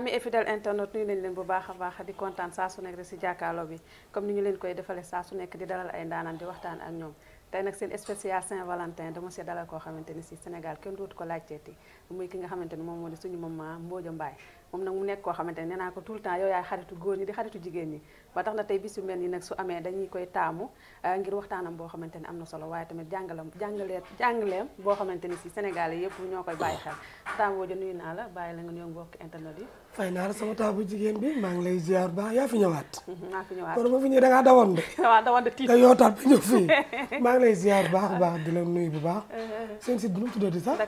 ami et fidèle internet nuyu nañ leen bu baax a baax di kontaan saa su nekk si jàkkaarloo bi comme ni ñu leen koy defalee saa su nekk di dalal ay ndaanaan di waxtaan ak ñoom tey nag seen spécial Saint-Valentin dama see dalal koo xamante ni si Sénégal kenn dootu ko laajteeti muy ki nga xamante ni moom moo di suñu maman Mbodia Mbaye moom nag mu nekk koo xamante ni nee naa ko tout le temps yow yaay xaritu góor ñi di xaritu jigéen ñi ba tax na tey bis yu mel ni nag su amee dañuy koy taamu eh, ngir waxtaanam boo xamante ni am na solo waaye tamit jàngalam jàngalee jàngaleem boo xamante ni si Sénégal yi yëpp ñoo koy bàyyi xel taamu jo nuyu naa la bàyyi la nga ñëw mbokk internet yi fay naa la sama taabu jigéen bi maa ngi lay ziar baax yaa fi ñëwaat mhm, maa fi ñëwaat kon ma da ngaa dawoon de waaw bu baax uh-huh. seen site bi nu mu tuddati sax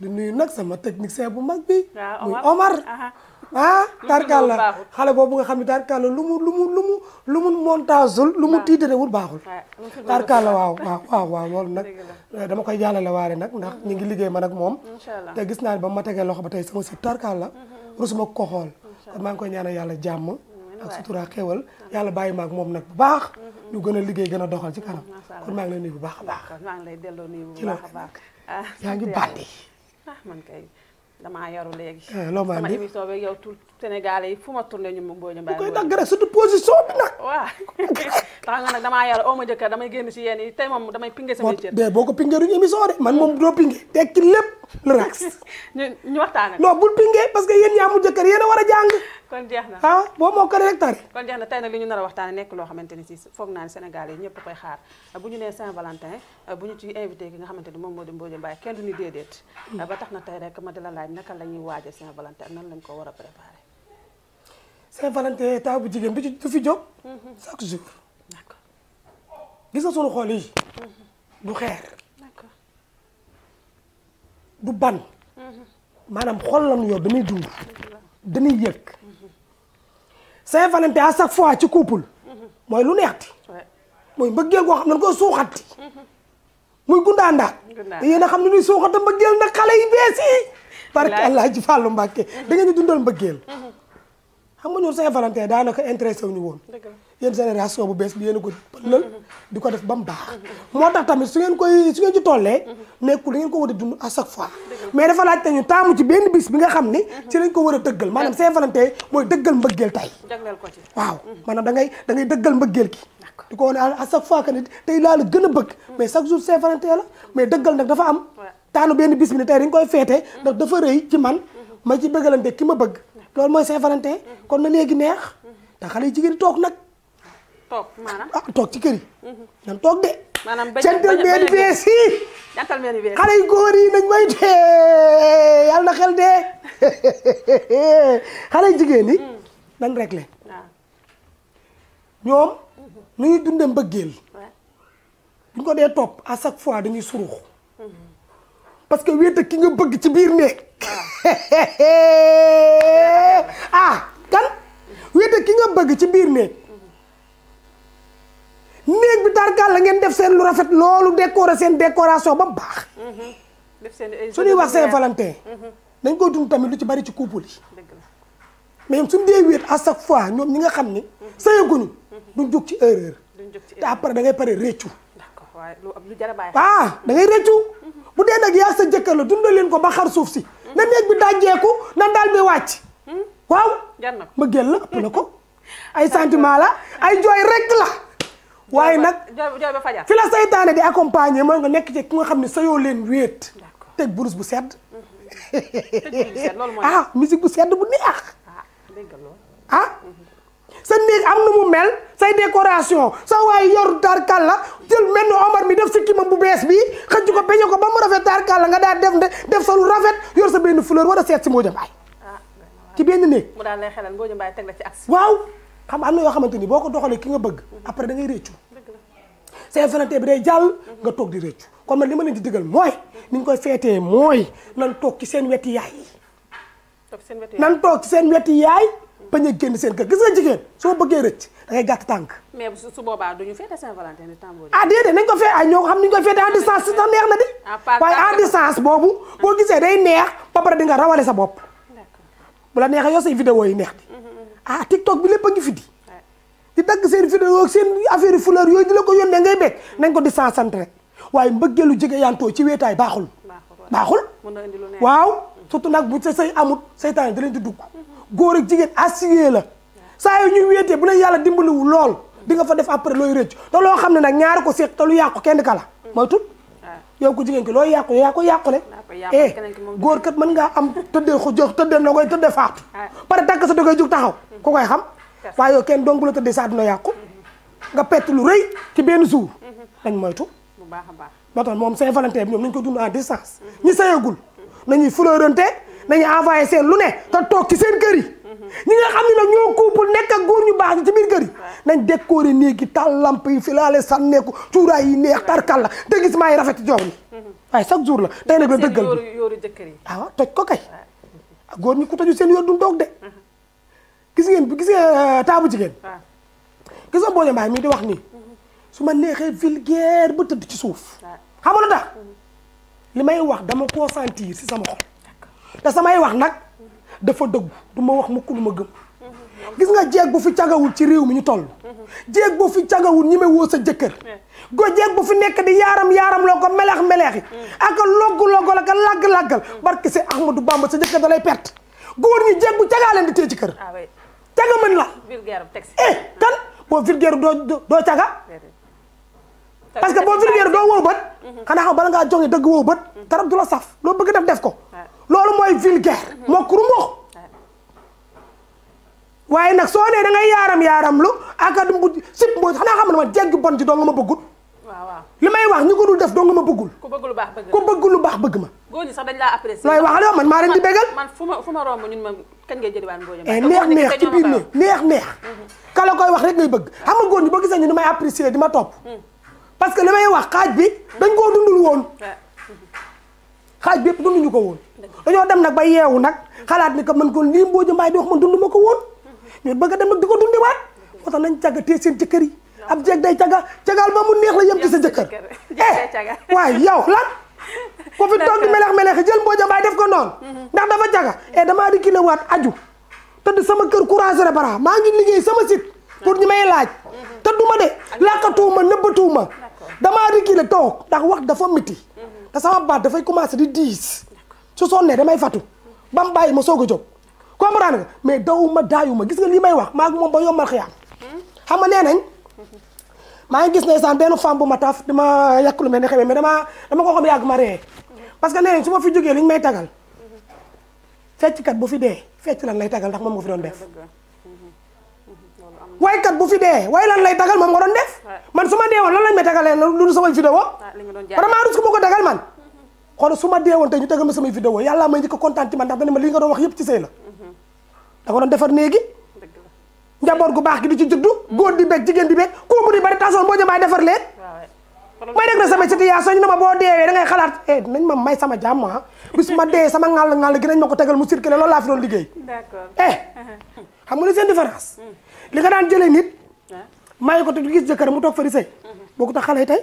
di nuyu nag nag sama technicien bu mag bi muy Omar uh-huh. ah tarkaal la xale boobu nga xam ne tarkaal la lu mu lu mu lu mu lu mu montageul lu mu tiitarewul baaxul ah, tarkaal la waaw waaw waaw waaw loolu nag eh, dama koy jàllale waare nag ndax ñu ngi liggéey ma ak moom te gis naa ne ba ma tegee loxo ba tey sama si tarkaala la mm-hmm. rusuma ko kon maa ngi koy ñaanal yàlla jàmm mm-hmm. ak sutura xéwal yàlla bàyyi maag moom nag bu baax mm-hmm. ñu gën a liggéey gën a doxal ci kanam kon maa ngi lay nuyu bu baax a baax maa ngi lay delloo nuyu bu baax a baax yaa ngi ah, bandi ah, man damaa yaru léegi. Eh, loo ma andi sama émission Sénégal yi fu ma tourné ñu Boy Niang. bu koy nag surtout position nag. waaw tax nga nag damaa yar oo ma jëkkër damay génn si yéen yi tey moom damay pingé sama cër. de boo a war a jàng. kon na ah nekk loo xamante ni si foog naa ne Sénégal yi ñëpp koy xaar bu ñu nee Saint-Valentin bu ñu ci invité ki nga xamante ni moom moo di Mbodia Mbaye kenn du ni déedéet hmm. ba tax na tey rek ma di la laaj naka la ñuy waaje Saint-Valentin ak nan lañ ko war a préparé Saint-Valentin taaw bu jigéen bi ci du fi jóg chaque jour d'accord gis nga sunu xool du xeer du ban maanaam xol lañu yor dañuy dund dañuy yëg Saint-Valentin à chaque fois ci couple mooy lu neexti mooy mbëggeel goo xam ne dañ koy suuxati muy gundaandaat yéen a xam ne ñuy suuxata mbëggeel nag xale yi bees barke Alaaji Fàllu Mbàkke mm-hmm. dangeen dundal mbëggeel mm-hmm. xam nga ñun Saint-Valentin daanaka intéressé wu ñu woon. yéen génération bu bees bi yéen a ko pëlal di ko def ba mu baax. moo tax tamit su ngeen koy su ngeen ci tollee. nekkul da ngeen ko war a dund à chaque ñu taamu ci benn bis bi nga xam ni. Mhm. ci lañ ko war a dëggal maanaam Saint-Valentin mooy dëggal mbëggeel tey. jagleel ko ci waaw maanaam da ngay da ngay dëggal mbëggeel ki di ko wane à chaque fois que nit tey laa gën a bëgg. Mhm. mais chaque jour Saint-Valentin la mais dëggal nag dafa am. taanu benn bis bi ne tey dañ koy feete mhm. ndax dafa rëy ci man ma ci bëggalante ki ma bëgg loolu mooy Saint-Valentin kon na léegi neex te xale yi jigéen toog nag. toog maanaam ah toog ci kër nan toog de. maanaam bañ a bañ a bañ a xale yu góor yi nañ may dee na xel dee xale jigéen yi. Mm. nañ réglé. waaw ñoom nu ñuy dundee mbëggeel. bu ko dee toog à chaque fois dañuy surux. Mm-hmm. parce que wéet ak ki nga bëgg ci biir néeg ah kan wéet ak ki nga bëgg ci biir néeg néeg bi tarkaal la ngeen def seen lu rafet loolu décorer seen décoration ba baax. Mm-hmm. def seen su ñuy wax Saint-Valentin. dañ mm-hmm. koy dund tamit lu ci bari ci couple yi. su suñu dee wéet à chaque fois ñoom ñi nga xam ni. Mm-hmm. sëyaguñu duñ jóg ci erreur. duñ jóg ci erreur te après da ngay pare réccu. d'accord waaye lu ah, da bu dee nag yaa sa jëkkër la dundal leen ko ba xar suuf si. na néeg bi dajjeeku nan daal bi wàcc. waaw. mbëggeel la ëpp na ko. ay sentiment la ay jooy rek la. waaye nag fi la saytaane di accompagner mooy nga nekk ci ku nga xam ne sayoo leen wéet. teg burus bu sedd. Mhm. ah musique bu sedd bu neex. ah sa néeg am na mu mel say décoration sa waay yor tarkalla jël mel ni Omar mi def sikkimam bu bees bi xëcc ko peñe ko ba mu rafet tarkalla nga daal def def sa lu rafet yor sa benn fleur war a seet si Mbodia Mbaye ah. ci benn néeg mu daal lay xelal Mbodia Mbaye teg la ci axe waaw xam am na yoo xamante ni boo ko doxalee ki nga bëgg mm-hmm. après da ngay réccu seen volonté bi day jàll mm-hmm. nga toog di réccu kon man li ma leen di digal mooy ni ñu koy feetee mooy nan toog ci seen weti yaay yi nan toog ci seen weti yaay bañ a génn seen kër gis nga jigéen soo bëggee rëcc da gàtt tànk. mais su boobaa du ñu féete Saint-Valentin di Tambodi. ah déedéet nañ ko fee ay ah, ñoo xam ni ñu koy féete à distance sax neex na di. Ah, waaye à distance boobu. boo gisee day neex ba pare di nga rawale sa bopp. bu la neexee yow say vidéo yi neex di. Mm-hmm, mm-hmm. ah TikTok bi lépp a ngi fi di. di dagg seen vidéo ak seen affaire fleur yooyu di la ko yónnee ngay bekk mm-hmm. nañ ko distance sant rek waaye mbëggeelu jege yaantoo ci weetaay baaxul. baaxul waaw. surtout nag bu sa sëy amut seytaan da leen di dugg góor ak jigéen assuré la saa yu ñuy weetee bu leen yàlla dimbaliwu lool di nga fa def après looy rëcc te loo xam ne nag ñaar ko seq te lu yàqu kenn kala mooy tut ah. yow ko jigéen ki looy yàqu yaa ko yàqule eh góor kat mën ngaa am tëddee ko jox tëddee na koy tëddee faatu ah. pare tàkk sa da koy jóg taxaw hmm. ku koy xam waaye yow kenn donc bu la tëddee sa àdduna yàqu hmm. nga pett lu rëy ci benn suur dañ hmm. moytu bu baax a baax moo moom Saint-Valentin bi ñoom nañ ko dund à distance ñi sayagul nañuy fleurante nañuy envoyé seen lu ne te toog ci seen kër yi ñi nga xam ne nag ñoo couple nekk ak góor ñu baax ñi ci biir kër yi nañ décoré néegi taal lamp yi filaale sànneeku cuuraay yi neex tarkal la te gis maa yi rafet ci jox ni mm-hmm. waaye chaque jour la tey nag la dëggal bi yooru jëkkër yi waaw ah, toj ko kay ah, góor ñi ku toju seen yoor duñ toog de mm-hmm. gis ngeen gis ngeen euh, taabu jigéen gis nga Mbodia mii di wax nii mm-hmm. su ma neexee vulgaire ba tëdd ci suuf xam nga lu li may wax dama koo sentir si sama xol te samay wax nag dafa dëgg du ma wax mu lu ma gëm gis nga jeeg bu fi cagawul ci réew mi ñu toll jeeg bu fi cagawul ñi may sa jëkkër goo jeeg bu fi nekk di yaaram yaaram loo ko meleex meleexi mm. ak logg logg la ka lagg laggal mm. barke si Ahmadou Bamba sa jëkkër da lay perte góor ñi jeeg bu cagaa di tee ci kër ah caga mën la eh kan boo vulgaire doo doo caga parce que boo vulgaire doo wow bët mhm. xanaa xam bala ngaa joxe dëgg wow bët mhm. du la saf loo bëgg def def ko loolu mooy vulgaire mhm. moo kuru mbux waaye nag soo nee da ngay yaaram yaaram lu ak bu sib mboo xanaa xam ne ma jéggi bon waaw li may wax def doo nga baax bëgg ku bëgg lu baax bëgg ma góor ñi sax dañ laa apprécier looy di bégal ma fu ma romb ñun ma kañ ngay jëli waan mbooja eh, neex neex ci koy wax rek ngay bëgg xam nga góor ñi boo gisee ñu di may apprécier di ma topp mm. parce que li may wax xaaj bi dañ koo dundul woon xaaj bi yëpp dunduñu ko woon dañoo dem nag ba yeewu nag xalaat ni que man koo lii Mbodia Mbaye ko woon ñu bëgg a dem nag di ko dundiwaat moo yi ab jeeg day cagga la yem ci sa jëkkër eh def ko noonu mm-hmm. ndax dafa caga eh damaa di kilawaat aju tëdd sama kër courage bara maa ngi liggéey sama site pour ñu may laaj mm-hmm. tëdduma de làqatuuma nëbbatuuma damaa reculer toog ndax wax dafa miti mhm. te sama baat dafay commencé di diis su sonnee damay fatu ba mu bàyyi ma soog a jóg comprendre nga mais dawuma daayuma gis nga lii may wax maa moom ba yombal xiyaam hmm? xam nga nee nañ mhm. maa ngi gis ne saan benn femme bu ma taf dama yàq lu mel ne xamee mais dama dama ko xam yàgg ma ree hmm. parce que su ma fi jógee liñ may tagal hmm. fecckat bu fi dee fecc lan lay tagal ndax moom nga fi doon def waykat bu fi dee way lan lay tagal moom nga doon def man su ma deewoon lan lañ may tagalee lu samay vidéo vraiment rus ko ma ko tagal man xool su ma deewoon tey ñu tagal ma samay vidéo yàlla may man ndax dana ma li mhm. da nga doon defar néegi njaboot gu baax gi di ci juddu góor di bég jigéen di bég ku mu di bari tasoon boo jëmaay defar leen may dégg na sama situation ñu ma boo deewee da ngay xalaat eh dinañ ma may sama jàmm ah bis ma dee sama ngàll ngàll gi nañ ma ko tegal mu circulé loolu laa fi doon liggéey eh xam nga ne seen différence mm. li nga daan jëlee nit. maye ko te du gis jëkkër mu toog fa di boo ko tax xale yi tey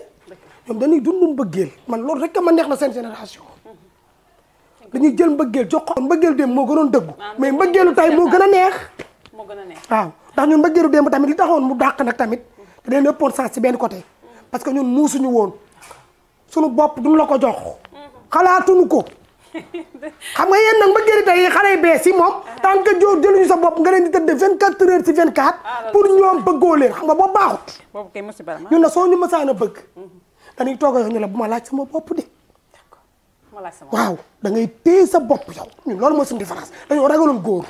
ñoom dañuy dund mbëggeel man loolu rek ma neex na seen génération. Mhm. dañuy jël mbëggeel jox ko mbëggeelu démb moo gënoon dëggu ah, mais mbëggeelu tay moo gën a neex moo gën a neex waaw ndax ñun mbëggeelu démb tamit li taxoon mu dàq nag tamit mhm. da leen ëppoon sens ci benn côté mhm. parce que ñun muusuñu woon suñu bopp duñu la ko jox xalaatuñu ko xam nga yéen nag mbëggeel tey yi xale yu bees yi moom tant que jël jëluñu sa bopp nga leen di tëdd vingt quatre heures ci vingt quatre ah, pour ñoom bëggoo leen xam nga boobu baaxut ñun na soo ñu mësaan a bëgg mhm. dañuy toog ñu la bu ma laaj sama bopp de waaw da ngay téye sa bopp yow ñun loolu mooy suñu différence dañoo ragaloon góor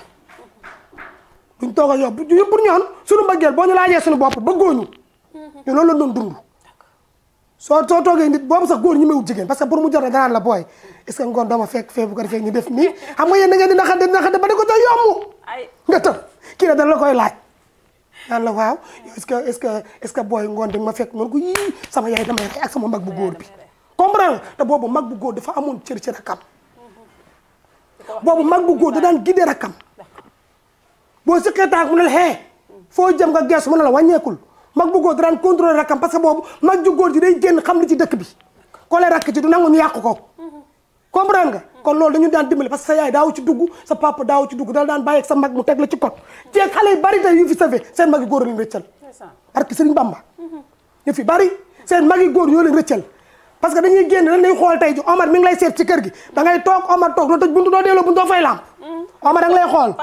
duñ toog yow pour ñoon suñu mbëggeel boo ñu laajee suñu bopp bëggooñu ñu mhm. lool la doon dund soo soo toogee nit boobu sax góor ñi mewut jigéen parce que pour mu jot danaan la booy est-ce que ngoon dooma fekk fee bu ko defee ñu def nii xam nga yéen da ngeen di naxante ba di ko jox yomb nga la koy laaj naan la waaw est est-ce que est-ce que booy ngoon di ma fekk mën ko yii sama yaay damay rey ak sama mag bu góor bi comprendre te boobu mag bu góor dafa amoon cër ci rakam boobu mag bu góor da daan gidee rakam boo siqee taak mu ne la xee foo jëm nga gees mu ne la wàññeekul mag bu góor daan contrôler rakkam parce que boobu mag ju góor ji day génn xam li ci dëkk bi ko lay rakk ci du nangu ñu yàqu ko comprendre nga kon loolu dañu daan dimbali parce que sa yaay daaw ci dugg sa papa daaw ci dugg dala daan bàyyi ak sa mag mu teg la ci kot ceeg xale bari tey yu fi safee seen mag yi góor yu leen rëccal barke Sëriñ Bamba mm-hmm. yu fi bari seen mag yi góor yoo leen parce que dañuy génn dañ xool tey ji Omar mi ngi lay seet ci kër gi da toog Omar toog doo tëj buntu doo doo fay lamp mm. Omar da lay xool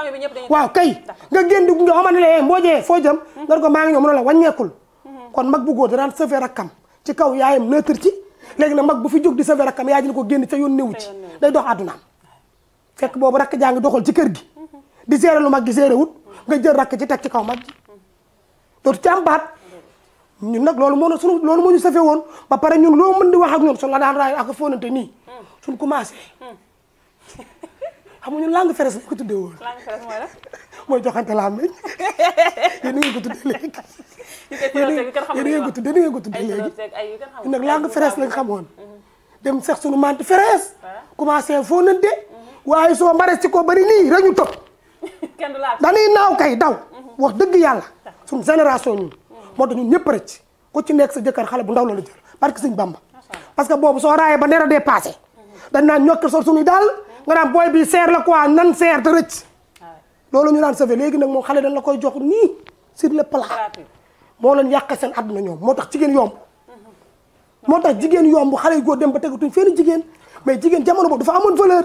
waaw kay nga génn dugg nga Omar ni la eh, mboojee foo jëm mm. nga ko maa ngi ñëw mu ne la wàññeekul mm-hmm. kon mag bu góor da daan sëfee rakkam ci kaw yaayam neutre ci léegi nag mag bu fi jóg di sëfee rakkam yaay ji ko génn ca yoon newu ci day dox addunaam fekk boobu rakk jaa ngi doxal ci kër gi mm-hmm. di seere lu mag gi seere wut mm-hmm. nga jël rakk ci teg ci kaw mag ji dootu ñun nag loolu moo sunu loolu moo ñu safee woon ba pare ñun loo mën di wax ak ñun suñu la daan raay ak fóonante nii hmm. suñ commencé hmm. xam nga ñun langue feres mooy la. mooy joxante laa meññ yéen ngeen ko tuddee léegi. yéen ngeen ko tuddee yéen ngeen ko tuddee léegi. ñun nag langue feres lañ xamoon. Hmm. dem sax suñu waaye soo mbares ci ko bari nii rek ñu topp. dañuy naaw kay daw. wax dëgg yàlla. suñu génération ñun. moo tax ñëpp rëcc ku ci nekk sa xale bu ndaw la la jël barke sëñ Bamba parce que boobu soo raayee ba neera dépassé dañ naan ñokk sol suñuy daal nga naan booy bi seer la quoi nan seer te ñu naan sauvé léegi nag moom xale dañ la koy jox nii sur le plat moo leen yàq seen àdduna ñoom moo tax jigéen yomb moo tax jigéen yombu xale yu góor dem ba tegatuñ fenn jigéen mais jigéen jamono boobu dafa amoon valeur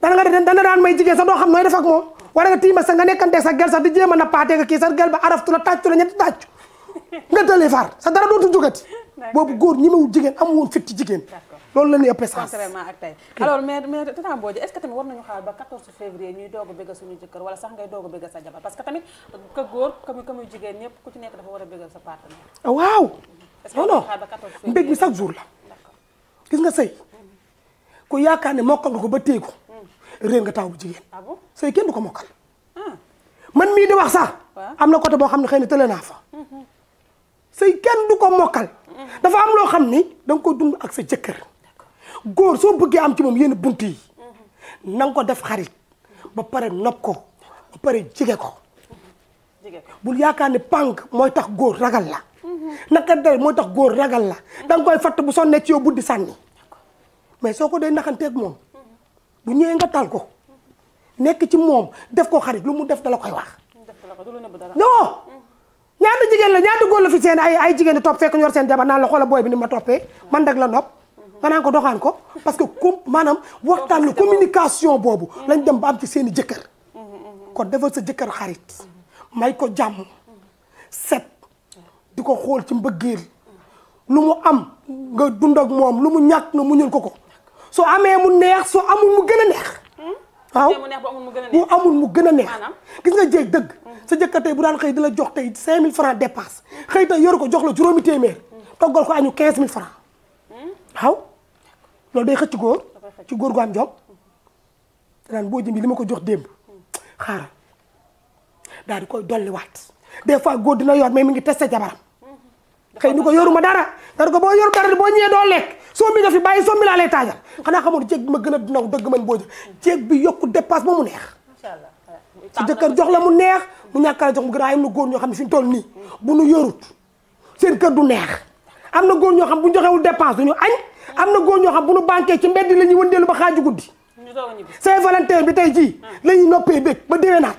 dana nga daan daan may jigéen sax doo xam nooy def ak moom war nga tiima sax nga nekkante sa gel sax di jéem a nappaatee nga kii sax gel ba araftu la tàccu la ñetti tàccu nga tëlee faar dara dootul jógati boobu góor ñi jigéen am woon fitti jigéen loolu la ñuy ëppee sens contrairement ak tey a bëgg suñu jëkkër wala sax ngay doog a bëgg que tamit ka góor ka muy jigéen ñëpp ku ci nekk dafa war a bëggal sa partenaire ah, waaw non non mi chaque jour la gis nga sëy mm-hmm. ku yaakaar ne mokkal nga ko ba téye ko réer nga taw bu jigéen. Ah sëy kenn du ko mokkal. Ah. man mii di wax sax. am na côté boo xam ne xëy na tële naa fa. sëy kenn du ko mokkal. dafa am loo xam ni danga nga koy dund ak sa jëkkër. góor soo bëggee am ci moom yenn bunt yi. Mm-hmm. na ko def xarit. ba pare nopp ko ba pare jige ko. Mm-hmm. bu yaakaar ne pànk mooy tax góor ragal la. Mm-hmm. naka dal tax góor ragal la. da koy fatt bu sonnee ci yow buddi sànni. mais soo ko dee naxanteeg moom bu ñëwee nga tal ko nekk ci moom def ko xarit lu mu def dala koy wax. non ñaata jigéen la ñaata góor la fi seen ay ay jigéen di topp fekk ñor seen jabar naan la xoola booy bi ni ma toppee man dag la nopp nga naan ko doxaan ko parce que comme maanaam waxtaan la communication boobu mm-hmm. lañ dem ba am ci seeni i jëkkër mm-hmm. kon defal sa jëkkër xarit mm-hmm. may ko jàmm set di ko xool ci mbëggeel lu mu am nga dund moom lu mu ñàkk nga muñul ko ko su amee mu neex su amul mu gën a neex. Hmm? waaw mu amul mu gën a neex gis nga jéeg dëgg. Hmm. sa jëkkër tey bu daan xëy di la jox tey 5000 francs dépasse xëy tey yoru ko jox la juróomi téeméer. Hmm. toggal ko añu 15000 francs waaw loolu day xëcc ci góor ci góor gu am jom danaan boo jëm bi li ma ko jox démb xaaral daal di koy dolliwaat des fois góor dina yor mais mi ngi testé jabaram xëy ni ko yoruma dara nga ko boo yor dara boo ñëwee doo lekk sombi nga fi bàyyi sombi laa lay taajal xanaa xamoon jéeg bi ma gën a naw dëgg man boo jë bi yokku dépasse ba mu neex sa jëkkër jox la mu neex mu ñàkkaa jox mu gën a am na góor ñoo xam ne fi ñu toll nii bu ñu yorut seen kër neex am na góor ñoo xam bu ñu joxewul dépense am na góor ñoo xam bu ñu banqué ci mbedd la ñuy wëndeelu ba xaaju guddi Saint Valentin bi tey jii la ñuy noppee bég ba déwénaat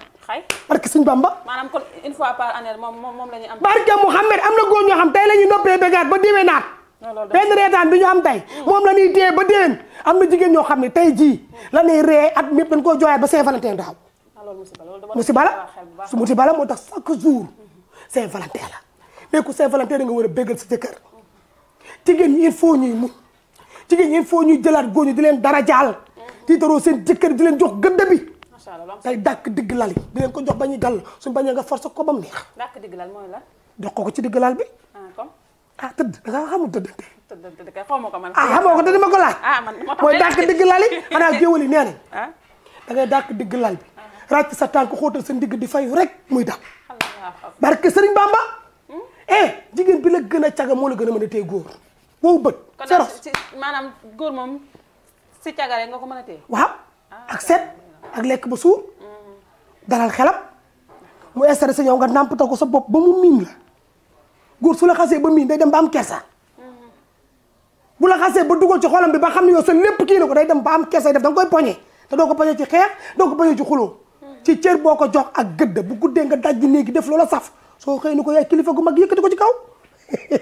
barke sëñ Bamba maanaam kon une fois par année moom moom la ñuy am barke na góor ñoo xam tey la ñuy noppee bégaat ba déwénaat benn reetaan bi ñu am tey mm. moom la ñuy téye ba déwén am na jigéen ñoo xam ne tey jii la ñuy ree at mépp dañ koy jooyaat ba Saint-Valentin daaw ah, musiba la su musiba la moo tax chaque jour Saint-Valentin la mais ku Saint-Valentin da nga war a béggal si jëkkër jigéen ñi il faut ñuy muñ jigéen ñi il faut jëlaat goo ñu di leen dara jaal di taroo seen jëkkër di leen jox gëdd bi tey dàkk digg lal yi di leen ko jox ba ñuy gàll suñu bañee nga force ko bam neex dàkk digg lal mooy la jox ko ko ci digg lal bi ah tëdd da ngaa xamul tëdd. tëdd kay xaw ko man. ah xamoo ko te dama ko laaj. ah man moo tax mooy dàq digg lal yi ah. da ngay dàq digg lal bi. Ah. ràcc sa tànk xóotal sa ndigg di fayu rek muy dàq. barke Sëriñ Bamba. Hmm? eh jigéen bi la gën a caga moo la gën a mën a téye góor. wow bët. seros kon maanaam góor moom si caga rek ko mën a téye. waaw ah. ak set ak lekk ba suur. Hmm. dalal xelam mu sa yow nga nàmpatal ko sa bopp ba mu miin la. góor su la xasee ba mii day dem ba am kersa mm-hmm. bu la xasee ba dugal ci xolam bi ba xam ne yow sa lépp kii na ko day dem ba am kersa def da nga koy poñe te doo ko poñe ci xeex doo ko poñe ci xuloo mm-hmm. ci cër boo ko jox ak gëdd bu guddee nga daj néegi def loola saf soo xëy ni ko kilifa gu mag yëkkati ko ci kaw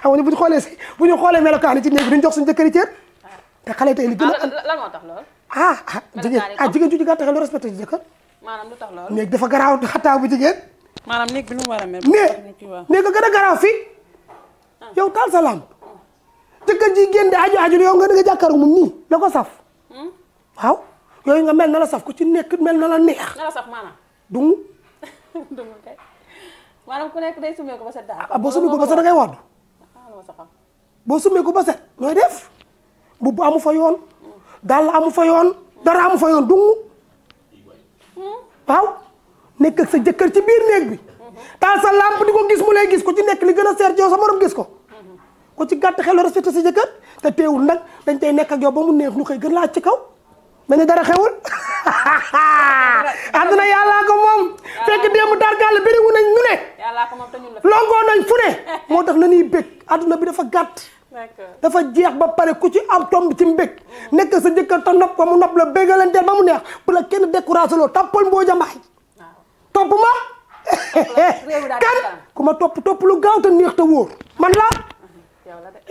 xam nga bu ñu xoolee si bu ñu xoolee melokaan ci néegi duñ jox suñu jëkkëri cër ah. te xale a ah, lan moo tax lool ah ah jigéen ah jigéen ju jigéen taxe lu respecté ci jëkkër maanaam tax lool néeg dafa garaaw xataa bu jigéen maanaam néeg bi nu a mel. néeg a gën a ah. taal sa lamp ji génn di aju aju yow nga nga jàkkaaru moom nii la ko saf. Hmm? waaw yooyu nga mel na la saf ku ci nekk mel na la neex. na ku nekk day sumee ko ba set ah, boo sumee ko ba set da ngay ah, nooy def. mbubb amu fa yoon. Hmm. dàll amu fa yoon. dara amu fa yoon dungu. Hmm? waaw. nekk sa jëkkër ci biir néeg bi taal sa lampe di ko gis mu lay gis ko ci nekk li gën a seer yow sa morom gis ko ko ci gàtt xel respecté sa jëkkër te teewul nag dañ tey nekk ak yow ba mu neex ñu gën laa ci kaw mel ni dara xewul àdduna yàllaa ko moom fekk démb tarkall biriwu nañ ñu ne longoo nañ fu ne moo tax na ñuy bëgg bi dafa gàtt dafa jeex ba pare ku ci am tomb ci mbëgg mm-hmm. nekk sa jëkkër te nopp ko mu nopp la béggalanteel ba mu neex bu la kenn découragé loo tàppal mboo jambaay topp ma kan ku ma topp topp lu gaaw te neex te wóor man la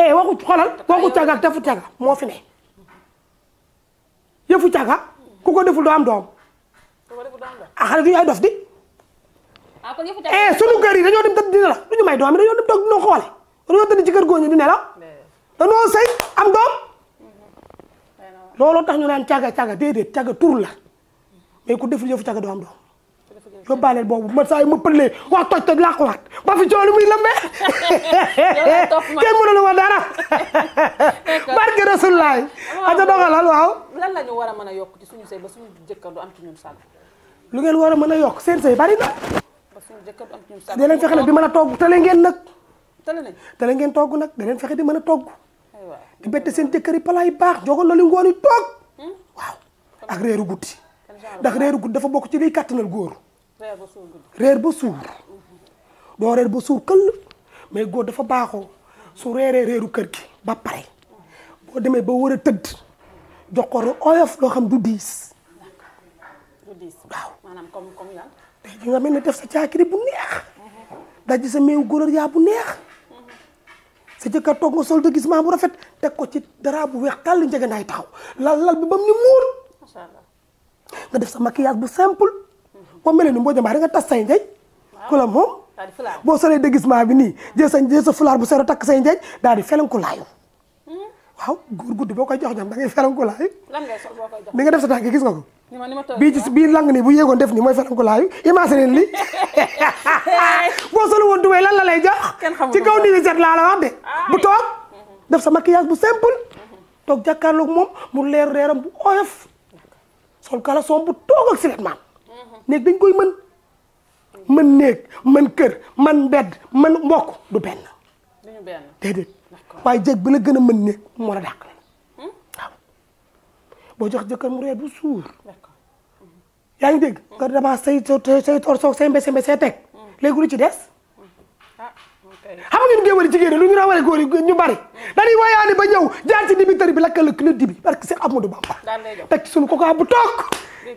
eh waxu xolal waxu caga ak defu caga moo fi ne yëfu caga ku ko deful doo am doom ah xale duñu ay dof di ah, eh sunu kër yi dañoo dem tëdd dina la duñu may doom yi dañoo dem toog dina xoole dañoo tëdd ci kër góoñu di ne la dañoo sëy am doom eh, looloo tax ñu naan caga caga déedéet caga tur la mais ku deful yëfu caga doo am doom yóbbaaleel boobu ma saa yu ma pëllee wax toj toj laa ko waat ba fi coono muy lëmbee. kenn mënu la ma dara. barke Rasulaay. waaw waaw doxalal waaw. lan la war a mën a yokk ci suñu sëy ba suñu jëkkër du am ci lu ngeen war a mën a yokk seen sëy bari na. ba suñu jëkkër du am ci ñun sànq. nag di mën a togg tale ngeen nag. tale nañ tale ngeen togg nag di leen fexe di mën a togg. di bette seen jëkkër yi palaay baax jogoon na li ngoon yi toog. Hmm? waaw ak réeru guddi ndax réeru guddi dafa bokk ci liy kàttanal góor reer ba suur doo reer ba suur këll mais góor dafa baaxoo su reeree reeru kër gi ba pare boo demee ba war a tëdd jox ko oyof loo xam du diis waaw maanaam comme comme lan tey ji nga mel ni def sa caakiri bu neex daj sa meewu góor yaa bu neex sa jëkkër toog nga sol gis maa bu rafet teg ko ci dara bu weex tàll njëganaay taxaw lal lal bi bam ni muur nga def sa maquillage bu simple boo mel ni boo Mbaye da nga tas say njeej ku la moom boo solee déguisement bi nii jël sa jël sa fulaar bu sero takk say njeej daal di felanku laayu hmm? waaw góor guddi boo koy jox ñam da ngay felanku laayu lan ngay sol boo jox ni nga def sa tànk gis nga ko bii ci bii lang nii bu yéegoon def nii mooy felanku laayu imagine boo solu woon tubéy la la lay jox ci kaw nii set laa la wax de bu toog mm-hmm. def sa maquillage bu simple mm-hmm. toog jàkkaarloog moom mu leer reeram bu oyof sol kala soom bu toog ak silet maam néeg dañ koy mën mën néeg mën kër mën mbedd mën mbokk du benn déedéet waaye jeeg bi la gën a mën néeg moo la dàq hmm? waaw boo jox jëkkër mu reer du suur hmm. yaa ngi dégg hmm. nga dama say say toor soog say mbese mbese teg léegi lu ci des ah, xam ngeen géwél jigéen lu ñu rawale góor yi ñu bari dañuy wayaani ba ñëw jaar ci dibitari bi lakkal la kilo dibi parce que Seex Amadu Bamba teg ci suñu kooku bu toog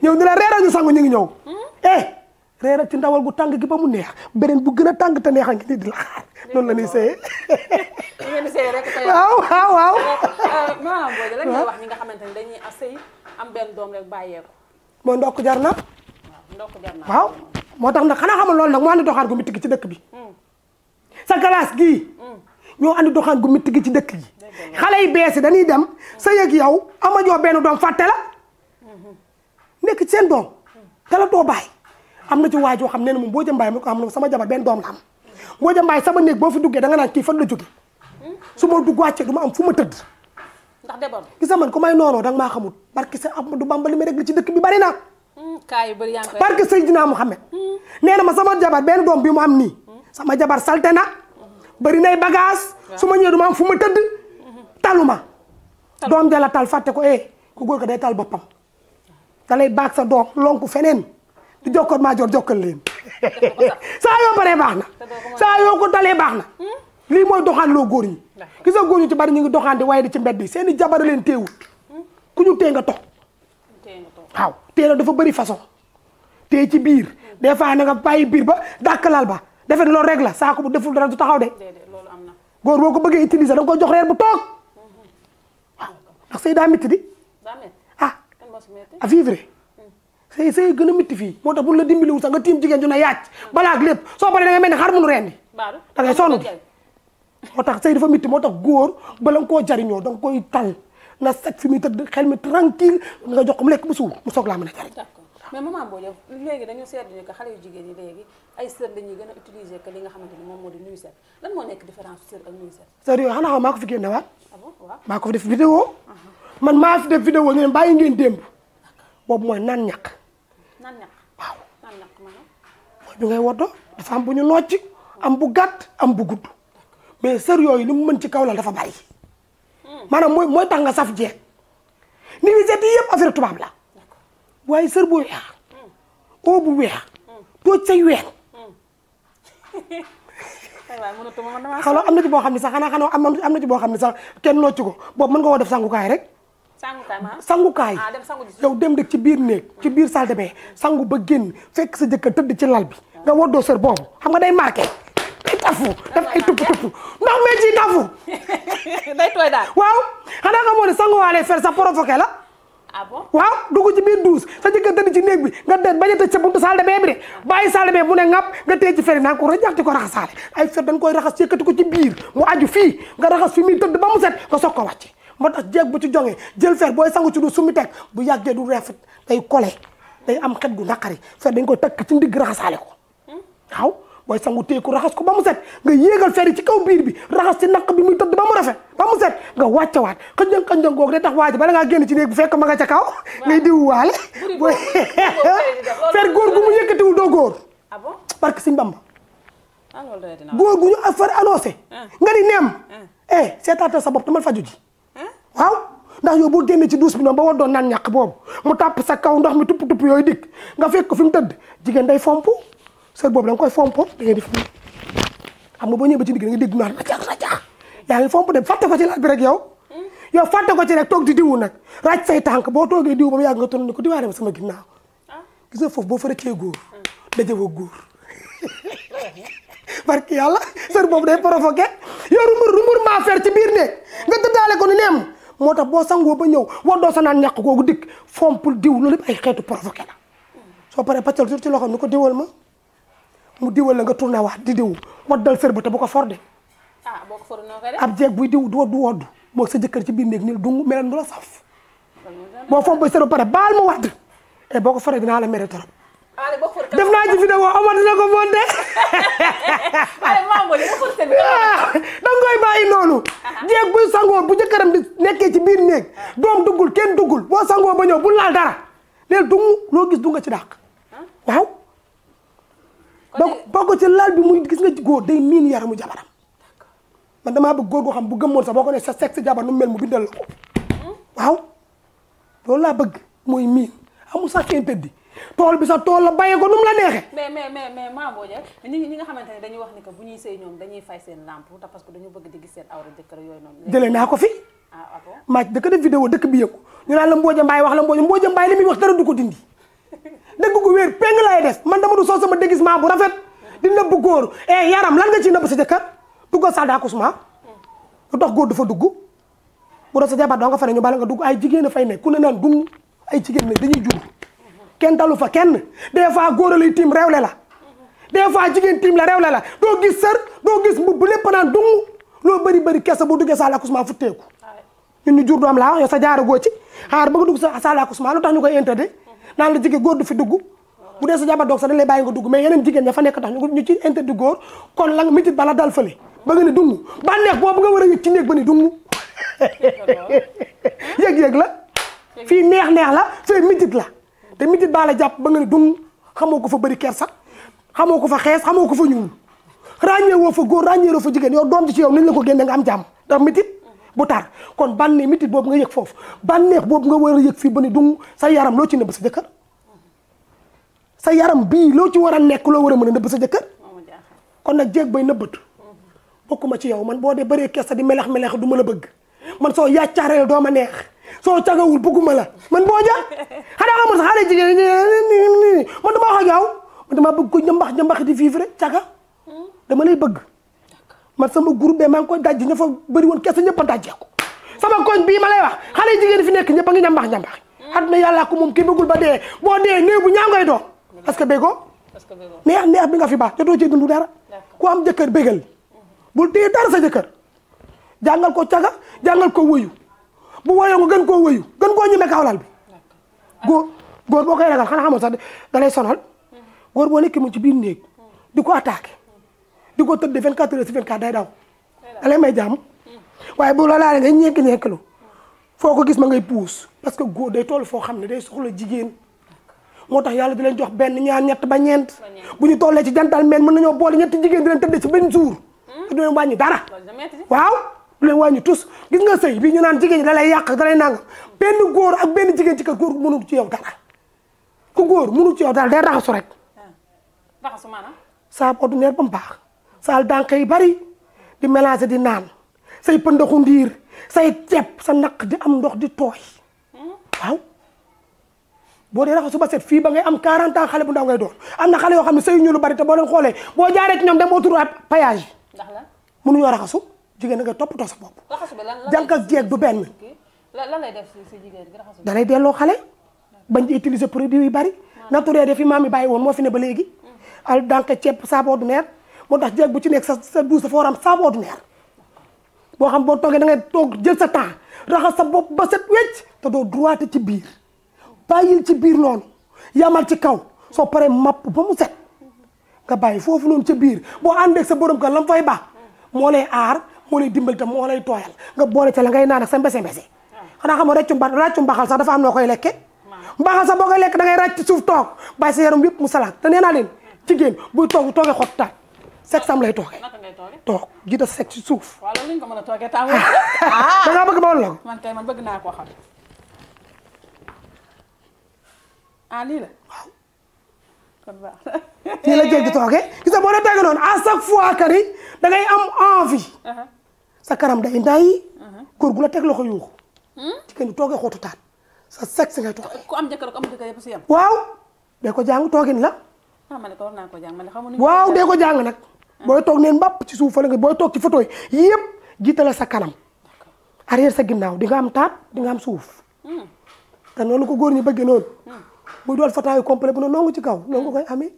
ñëw ni la reeral ñu sangu ñu ngi ñëw eh reeral ci ndawal gu tàng gi ba mu neex beneen bu gën a tàng te neexa ngi nii di la xaar noonu la ñuy seeyee waaw waaw waaw euh, euh, ñi nga xamante ne dañuy sëy am benn doom rek bàyyeeku mooy ndokk jar na ndokk jar moo tax nag xanaa xamal lool nag moo andi doxaan gu mitti gi ci dëkk bi hmm. sa galaas gii hmm. ñoo andi doxaan gu mitti gi ci dëkk gi xale yi bees yi dañuy dem sa ak yow ama joo benn doom fàtte la nekk ci seen doom talatoo baay am na ci waay joo xam ne ne moom boo Mbaye ma ko xam ne sama jabar benn doom la am Mbodia Mbaye sama néeg boo fi duggee da nga naan kii la su ma dugg wàcce du ma am fu ma tëdd ndax debon gis man ku may noonoo danga maa xamul barke sa Amadou Bamba li may rek li ci dëkk bi bari na hmm, kaay yu bëri yaa ngi koy barke Seydina Mouhamed hmm. na ma sama jabar benn doom bi mu am nii hmm. sama jabar salte na bëri nay bagage su ma ñëwee du ma am fu ma tëdd taluma doom jala tal fàtte ko eh ku góor ko day tal boppam da lay baag sa doom lonku feneen du jokkoon maa jor jokkal leen saa yoo baree baax na saa yoo ko dalee baax na hmm? lii mooy doxaan loo góor ñi gis nga góor ñi ci bari ñu ngi doxaan di waaye di ci mbedd yi seeni i jabar leen teewut hmm? ku ñu tee nga toog waaw tee dafa bëri façon tee ci biir hmm. des fois na nga bàyyi biir ba lal ba defe ne loolu rek la saako bu deful dara du taxaw de góor boo ko bëggee utiliser da nga jox reer bu toog waaw ndax sëy daa métti à vivre say say gën a métti fii moo tax bu la dimbaliwul sax tiim jigéen ju ne yàcc balaak lépp soo paree da ngay mel ni xar mënu rendi da ngay sonn moo tax sëy dafa métti moo tax góor bala nga jariñoo da jox mu lekk bu suur mu soog laa mën a jariñ mais maman Mbodia léegi dañu seetlu ne que xale a utiliser que moom moo fi génne waat ah ah. maa fi def vidéo fi def ñu ne bàyyi ngeen démb boobu mooy naan ñaq. naan ñaq waaw. naan ngay woddoo dafa am bu ñu nocc am bu gàtt am bu gudd mais sër yooyu li mu mën ci kaw la dafa bari hmm. maanaam mooy mooy tax nga saf jeeg ni ñu seet yëpp affaire tubaab la waaye sër bu weex oo hmm. bu weex hmm. tooj say ween. xala am na ci boo xam ne sax xanaa xanaa am na ci boo xam ne sax kenn nocci ko boobu mën nga woo def sangukaay rek. sangukaay ma sangukaay ah, yow dem dëkk ci biir néeg ci hmm. biir salle de bain sangu ba génn fekk sa jëkkër tëdd ci lal bi nga woddoo sër boobu xam nga day marqué day tafu daf ay tupp tupp ndox mi ci tafu day tooy daal waaw xanaa nga moo ne sanguwaalee fer sa provoqué la ah bon waaw dugg ci biir douze sa jëkkër tëdd ci néeg bi nga den bañ a tëj sa buntu salle de bain bi de bàyyi salle de bain bu ne ŋàpp nga tey fer naan ko rajax di ko raxasaale ay fer dañ koy raxas yëkkati ko ci biir mu aju fii nga raxas fi muy tëdd ba mu set nga soog ko wàcc moo tax jéeg bu ci jongee jël fer booy sangu ci du sumi teg bu yàggee du reefet day kole day am xet gu naqari fer dañ koy takk ci ndigg raxasaale ko waaw booy sangu téye ko raxas ko ba mu set nga yéegal fer yi ci kaw biir bi raxas ci naq bi muy tëdd ba mu rafet ba mu set nga wàcce waat xënjëng xënjëng googu day tax waa ji bala ngaa génn ci néeg bu fekk ma nga ca kaw ngay diw waale booy fer góor gu mu yëkkatiwul doo góor ah barke Sëñ Bamba ah, góor gu ñu affaire annoncé ah. nga ni neem eh seetaatal sa bopp tamal faju ji waaw ndax yow boo génnee ci douze millions ba war doon naan ñàkk boobu mu tàpp sa kaw ndox mi tupp tupp yooyu dikk nga fekk ko fi mu tëdd jigéen day fomp sër boobu da nga koy fomp da xam nga boo ñëwee ba ci digg da nga dégg naan rajax rajax yaa ngi fomp dem fàtte ko yow yow fàtte ko ci rek toog di diwu nag raaj say tànk boo toogee diwu ba mu nga toll ni ko diwaale ma sama ginnaaw ah. gis nga foofu boo fa rëccee góor dajewoo góor barki yàlla sër boobu day provoqué yow rumur rumur maa fer ci biir ne nga tëddaale ko ni neem moo tax boo sangoo ba ñëw war doo sa naan ñàkk dikk fompul diw loolu lépp ay xeetu provoqué la soo paree paccal sur ci loxoom ni ko diwal ma mu diwal la nga tourné waat di diw waddal sër ba te bu ko forde ah boo ko forde noo koy def ab jeeg buy diw du woddu woddu moo sa jëkkër ci biir néeg nii du melen du la saf boo fomp ba sër ba pare baal mu wadd et eh, boo ko foree dinaa la mere torop def naa ci vidéo Omar dina ko monté. da nga koy bàyyi noonu. jéeg buy sangoo bu jëkkëram di nekkee ci biir néeg. Ah. doom duggul kenn duggul boo sangoo ba ñëw bu laal dara. léegi dungu loo gis du ci dàq. Ah. waaw. donc boo ko ci laal bi muy gis nga ci góor day miin yaramu jabaram. man damaa bëgg góor goo xam bu gëmmoon sax boo ko ne sa sexe jabar nu mel mu bindal la hmm? waaw loolu laa bëgg mooy miin amul sax interdit. tool bi sa tool la bayee ko nu ne dañuy wax seen lamp parce naa ko fi. Ah, ah maa ci dëkk def dëkk bi yëngu ñu naan la Mbodja Mbaye wax la Mbodja Mbodja Mbaye li muy wax dara du ko dindi dëgg gu wér peng laay des man dama du soo sama déguisement bu rafet di nëbb góor eh yaram lan nga ci nëbb sa jëkkër duggal salle d'accouchement hmm. lu tax góor dafa dugg bu doon sa jabar doo nga fa ne ñu bala nga dugg ay jigéen a fay ne ku ne naan dum ay jigéen ne dañuy jur kenn dalu fa kenn des fois góor a lay tiim réewle la des fois jigéen tiim la réewle la doo gis sër doo gis bu lépp naan dungu loo bëri bëri kese boo duggee salle accouchement fu teeku ñun ñu jur doom laa yow sa jaara goo ci xaar ba nga dugg sa salle accouchement lu tax ñu koy interdit naan la jigéen góor fi dugg bu dee sa jabar doog sax dañ lay bàyyi nga dugg mais yeneen jigéen ña fa nekk tax ñu ci interdit góor kon la nga mitit bala dal fële ba nga ne dungu ba neex boobu nga war a yëg ci néeg ba ne dungu yëg-yëg la fii neex neex la fii mitit la te mitit baa la jàpp ba nga ne dung xamoo ko fa bëri kersa xamoo ko fa xees xamoo ko fa ñuul ràññee woo fa góor ràññee woo fa jigéen yow doom ci ci yow nañ la ko génne nga am jàmm ndax mitit bu tar kon bànnee mitit boobu nga yëg foofu bànneex boobu nga war a yëg fii ba ne dung sa yaram loo ci nëbb sa jëkkër sa yaram bii loo ci war a nekk loo war a mën a nëbb sa jëkkër kon nag jéeg bay nëbbatu bokkuma ci yow man boo dee bëree kersa di melex melex du ma la bëgg man soo yàccaaree doo ma neex soo cagawul bëgguma la man boo ja xanaa xamul sax xale jigéen ñi man damaa wax ak yow man damaa bëgg ko ñambax ñambax di vivre caga dama lay bëgg man sama groupe bee maa ngi koy daj ña fa bëri woon kese ñëpp a ko sama koñ bii ma lay wax xale jigéen fi nekk ñëpp a ngi ñambax ñambax àdduna yàllaa ko moom ki bëggul ba dee boo dee néew bu ñaaw ngay doon que béy ko neex neex bi nga fi baax jotoo ci dundu dara ku am jëkkër bégal bul téye dara sa jëkkër jàngal ko caga jàngal ko wëyu bu woyoo nga gën koo wëyu gën koo ñeme kawlal bi góor góor boo koy ragal xanaa xamoon sax da lay sonal mm-hmm. góor boo nekkee mu ci biir néeg mm-hmm. di ko attaqué di ko tëdd 24 heures sur 24 day daw da may jàmm mm-hmm. waaye bu la laalee ngay ñeek ñeeklu foo ko gis ma ngay puus parce que góor day toll foo xam ne day soxla jigéen moo tax yàlla di jox benn ñaar ñett ba ñeent bu ñu tollee ci jantal meen mën nañoo boole ñetti jigéen di leen tëdd ci benn jour te du leen wàññi dara waaw bu leen wàññi tus gis nga sëy bi ñu naan jigéen ñi da lay yàq da lay benn góor ak benn jigéen ci kër góor mënul ci yow dara ku góor mënul ci yow dara day raxasu rek. Ah. raxasu maanaam. saabu ordinaire ba mu baax. saal dànq yi bari di mélanger di naan say pëndaxu ndiir say ceeb sa naq di am ndox di tooy hmm? waaw. boo dee raxasu ba set fii ba ngay am 40 ans xale bu ndaw ngay doon am na xale yoo xam ne sëy ñu lu bari te boo leen xoolee boo jaaree ci ñoom dem autour à péage. ndax la mënuñoo raxasu. jigéen nga toppatoo sa bopp. jànk ak jeeg du benn. lan lay def si jigéen bi da lay delloo xale. bañ di utiliser produit yu bari. naturel de fi maam yi bàyyi woon moo fi ne ba léegi. Mm. al dànk ceeb saabu ordinaire moo tax jeeg bu ci nekk sa sa douche dafa war a am saabu ordinaire. boo xam boo toogee da ngay toog jël sa temps raxas sa bopp ba set wecc te doo droité ci biir bàyyil ci biir noonu yamal ci kaw soo paree mapp ba mu set mm-hmm. nga bàyyi foofu noonu ca biir boo àndeeg sa borom ka lam fay baax mm. moo lay aar. moo lay dimbali tam moo lay tooyal nga boole ca la ngay naan ak sa mbese mbese xanaa xam nga ràccu mba ràccu mbaxal sax dafa am noo koy lekke mbaxal sax boo koy lekk da ngay ràcc suuf toog bàyyi sa yaram yëpp mu salaat te nee naa leen jigéen buy toog toogee xott taat sexe am lay toogee toog jiita suuf waaw loolu ko mën toogee taamu da ngaa bëgg ma woon la ko naa ko xam ah lii la waaw nii la jéeg di toogee gis nga boo dee toogee noonu à chaque fois kari da ngay am envie uh-huh. sa kanam day ndaay. góor gu la teg loxo yuuxu. Hmm? jigéen du toogee xootu taat sa sexe ngay toogee. ku am jëkkër ku am jëkkër waaw de ko jàng toogin la. ah man de war naa ko jàng man de xamuñu. waaw dee ko jàng nag. Ah. booy toog neen mbàpp ci suuf fële nga booy toog ci photo yi yëpp jiitala sa kanam. arrière sa ginnaaw di nga am taat di nga am suuf. Hmm. te noonu ko góor ñi ba noonu. Hmm. muy doon fataayu complet bu ne nongu ci kaw nongu koy amee.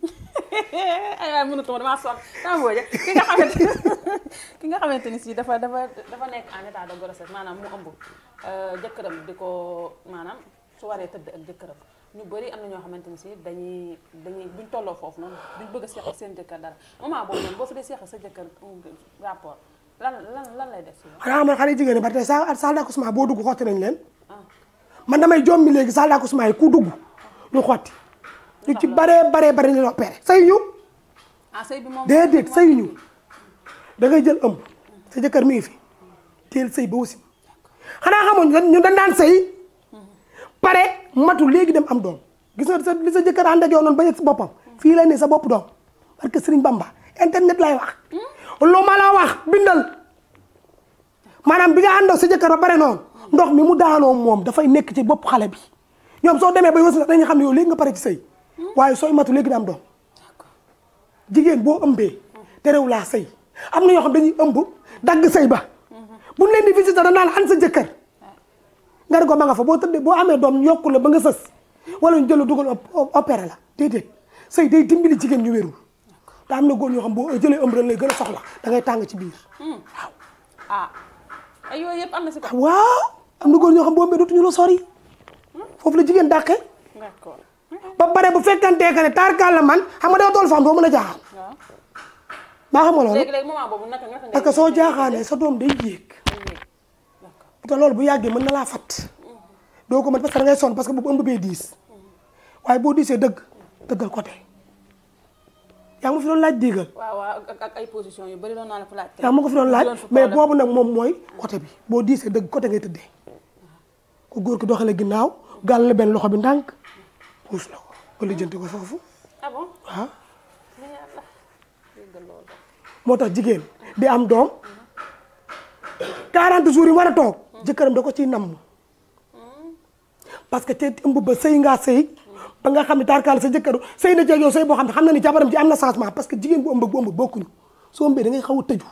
aywa mënatuma damaa sonn tàmboo ja ki nga xamante ki nga xamante ni si dafa dafa dafa nekk en état de grossesse maanaam mu ëmb euh, jëkkëram di ko maanaam su waree tëdd ak jëkkëram ñu bëri am na ñoo xamante ni si dañuy dañuy buñ tolloo foofu noonu duñ bëgg a seen jëkkër dara moment boobu noonu boo fi dee seexal sa jëkkër um, rapport lan lan lan lay def si yow. xanaa man xale jigéen ñi ba tey ko d'accouchement boo dugg xotti nañ leen. Ah. man damay jommi léegi salle d'accouchement yi ku dugg. du xotti lu ci bare baree bari la opéré sayu ñu ah, déedéet sayu ñu da ngay jël ëmb sa jëkkër mi ngi fi teel say ba wasin xanaa xamoon ñu dañ daan sëy pare matu léegi dem am doom gis nga sa li sa jëkkër ànd ak yow noonu ba yegg si boppam fii lay ne sa bopp doom parce que Serigne Bamba internet lay wax lu ma la wax bindal maanaam bi nga àndoo sa jëkkër ba pare noonu ndox mi mu daanoo moom dafay nekk ci bopp xale bi ñoom soo demee bay wërsëg dañuy xam ne yow léegi nga pare hmm? waaye sooy matu léegi da doom jigéen boo ëmbee hmm. te réew laa sëy am na ñoo xam dañuy ëmb dagg sëy ba hmm. bu ñu leen di visité dañ naan sa jëkkër nga ko ma fa boo tëddee boo amee doom yokku la ba nga sës wala ñu jël dugal opéré la déedéet sëy day dimbali jigéen ñu wérul te góor ñoo xam boo jëlee ëmb lay gën a soxla da ngay tàng ci biir waaw. Ah. Ah, yooyu yëpp am na si ko. waaw am na góor ñoo xam boo ëmbee dootuñu la sori. foofu la jigéen dàqee. d'accord ba pare bu fekkantee que ne taarkaal la man xam nga dafa toll fam doo mën a jaaxal. maa xam nga loolu léegi soo jaaxaanee sa doom day yéeg. te loolu bu yàggee mën na laa fat doo ko mën parce que ngay sonn parce que bu ëmb bee diis waaye boo diisee dëgg dëggal côté yaa ngi fi doon laaj diigal. ay position yu bari doon naa la ko laaj. yaa ngi ko fi doon laaj mais boobu nag moom mooy côté bi boo diisee dëgg côté ngay tëddee ku góor ki doxalee ginnaaw. gàll benn loxo bi ndànk lijjanti ko foofu. ah bon ah. moo tax jigéen di am doom 40 jours yi war a toog jëkkëram da ko ciy namm parce que te ëmb ba sëy ngaa sëy ba nga xam ne tarkaal sa jëkkëru sëy na jeeg yow sëy boo xam ne xam na ni jabaram ji am na changement parce que jigéen bu ëmb bu ëmb bokkuñu soo ëmbee da xaw a tëju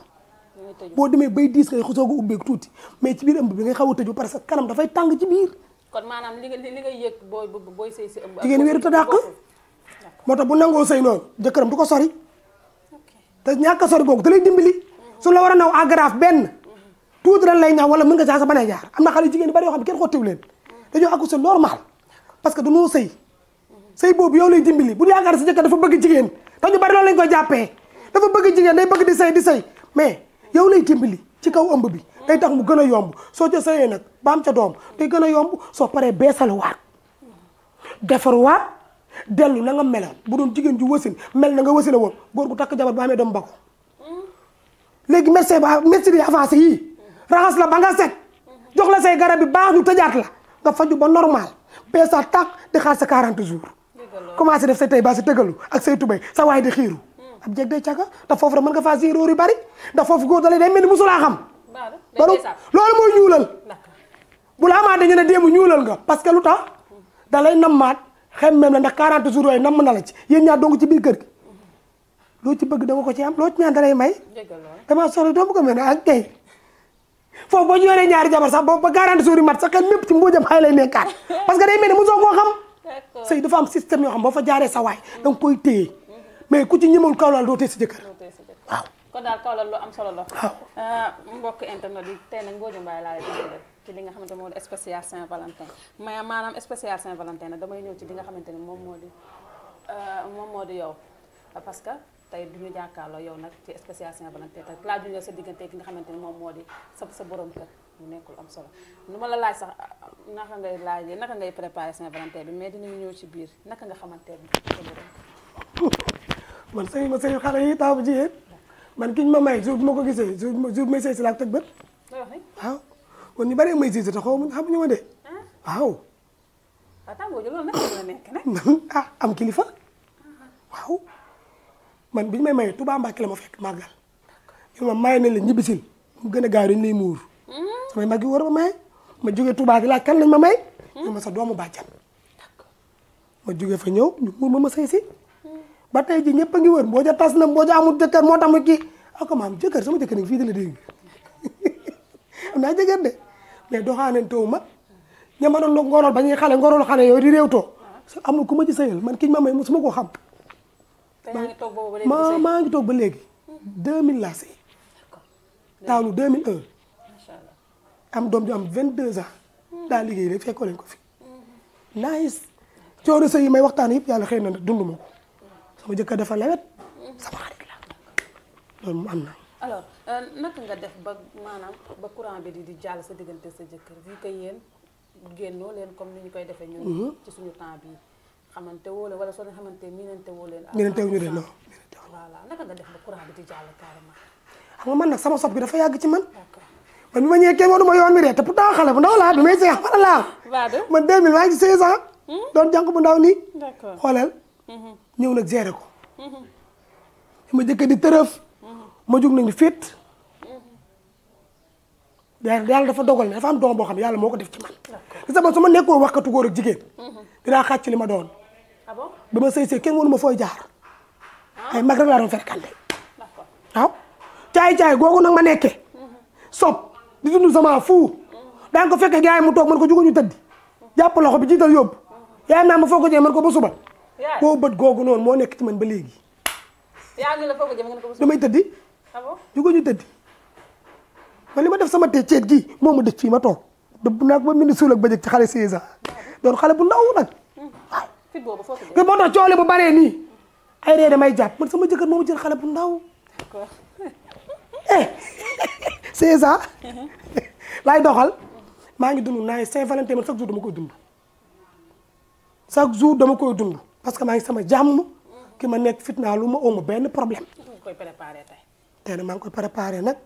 boo demee bay diis ngay xusoogu ubbeeku tuuti mais ci biir ëmb bi ngay xaw a tëju parce que kanam dafay tàng ci biir kon maanaam li nga li nga yëg booy booy sëy si ëmb. jigéen wéeru te dàq. moo tax bu nangoo sëy noonu jëkkëram du ko sori. te ñàkk a sori googu da lay dimbali. su la war a naw agraaf benn. tuuti lan lay ñaaw wala mën nga saa sa banee jaar am na xale jigéen yu bari yoo xam ne kenn xottiw leen. Mm-hmm. dañoo accoucher normal parce que dañoo sëy. Mm-hmm. sëy boobu yow lay dimbali bu yaakaar sa jëkkër dafa bëgg jigéen te ñu bari loolu lañ ko jàppee. dafa bëgg jigéen day bëgg di sëy di sëy mais yow lay dimbali ci kaw ëmb bi day tax mu gën a yomb soo ca sayee nag baa am ca doom day gën a yomb soo paree beesaluwaat defarwaat dellu na nga meloon bu doon jigéen ju wasin mel na nga wasina woon góor gu takk jabar ba amee doom ba ko léegi médecin ba médecin yi avancé yii raxas la ba nga set jox la say garab bi baax ñu tëjaat la nga faju ba normal beesaat tàq di xaar sa 40 jours commencé def say tay ba sa tëgalu ak say tubay sa waay di xiiru ab jeeg day caga foofu rek mën nga faa séeréer yu foofu góor da mel ni musulaa xam baru loolu mooy ñuulal bu la amaat dañu ne démb ñuulal nga parce lu tax da lay nammaat xem même la ndax 40 jours yooyu namm na la ci yéen ñaar dong ci biir kër gi loo ci bëgg da nga ko ci am loo ci ñaan da lay may dama soxla a mel ba 40 jours yi mat sa xel mépp ci mbóojam xay lay nekkaat parce que day mel ne mosoo koo xam sëy dafa am système yoo xam boo fa jaaree sa waay koy téye mais ku ci ñëmul kaw doo tee si jëkkër kon daal kaw euh, internet yi tey nag Mbodia Mbaye laa lay ci li nga xamante ne moo di spécial Saint-Valentin mais maanaam spécial Saint-Valentin nag damay ñëw ci li nga xamante ne moom moo di euh, moom moo di yow parce que tey du ñu jàkkaarloo yow nag ci spécial Saint-Valentin te laaju sa diggante ki nga xamante ne moom moo di sa sa borom kër mu nekkul am solo nu ma la laaj sax naka ngay laajee naka ngay préparé Saint-Valentin bi mais dinañu ñëw ci biir naka nga xamante ne sa borom kër. man sëñ ma sëñ xale yi taamu jigéen. man ki ñu ma may jour ma ko gisee jour ma jour bi may sëy si laa ko bët. Ah waaw kon ñu bari may sëy si te xaw ma xamuñu ma de ah. waaw. Ah, ah am kilifa waaw man bi ñu may maye Touba Mbacké la ma fekk màggal ñu ma maye gën a dañ lay muur hmm. samay mag war ma maye ma jógee tubaa gi laa kan lañ ma may hmm. ñu ma sa doomu bàjjan ma jógee fa ñëw ñu muur ma ma sëy si ba tey ji ñëpp a ngi wër mbooja tas na mbooja amul jëkkër moo tax mu kii ah ko maam jëkkër sama jëkkër nag fii di la dégg am naa jëkkër de mais doxaaneen taw ma ña ma doon la ngorool ba xale ngorool xale yooyu di réew too amul ku ma ci sëyal man kiñ ma may su ma ko xam ma maa ngi toog ba léegi 2000 hmm. laa sëy taawlu 2001 am doom ju am 22 ans hmm. daa liggéey rek fekkoo leen ko fi hmm. nice de sëy yi may waxtaan yëpp yàlla xëy na dund ma sama jëkkër dafa lewet sama xarit la loolu mu am na. Euh, def ba maanaam ba courant bi di di jàll sa diggante sa jëkkër vu que yéen génnoo leen comme ni ñu koy defee. ñun mhm. ci suñu temps bi xamante woo wala soo leen xamante ni miinante woo leen. miinante wu ñu de ah, naka nga def ba courant bi di jàll carrément. man nag sama sopp gi dafa yàgg ci man. man bi ma ñëwee kenn waruma yoon mi de te pourtant xale bu ndaw laa bi may seex wala laa. man 2000 maa ngi ci 16 ans. Hmm? doon jànku bu ndaw nii. d'accord xoolal. Mhm. ñëw nag gérer ko. ma jëkk di tërëf. ma jug nañu fit. yàlla dafa dogal ne dafa am doom boo xam ne yàlla moo ko def ci man. gis nga man ma nekkoon waxkatu góor ak jigéen. dinaa li ma doon. ah bon ba ma ma fooy jaar. Ah. ay caay caay nag ma nekkee. sob di dund sama fu. daan ko fekkee gars yi mu toog man ko juguñu tëdd. jàpp loxo bi jiital yóbbu. yaay naa ma foo ko jëlee man ko ba suba. boo bët googu noonu moo nekk ci man ba léegi. yaa ngi la foofu jëm ko damay tëddi. jugo ah ñu tëddi. man li ma def sama ceet gi moo ma dëkk fii ma toog dëbb naa ko ba mbind suul ak bëjëg ci xale César doon xale bu ndaw nag waaw. Hmm. fit boobu foo moo tax coole bu baree nii ay ree damay jàpp man sama jëkkër moo jël xale bu ndaw. eh César laay doxal maa ngi dund naa Saint-Valentin man chaque jour dama koy dund chaque jour dama koy dund. parce que maa ngi sama jàmm ki ma nekk fitnaa lu ma ooma benn problème. koy maa ngi koy préparé nag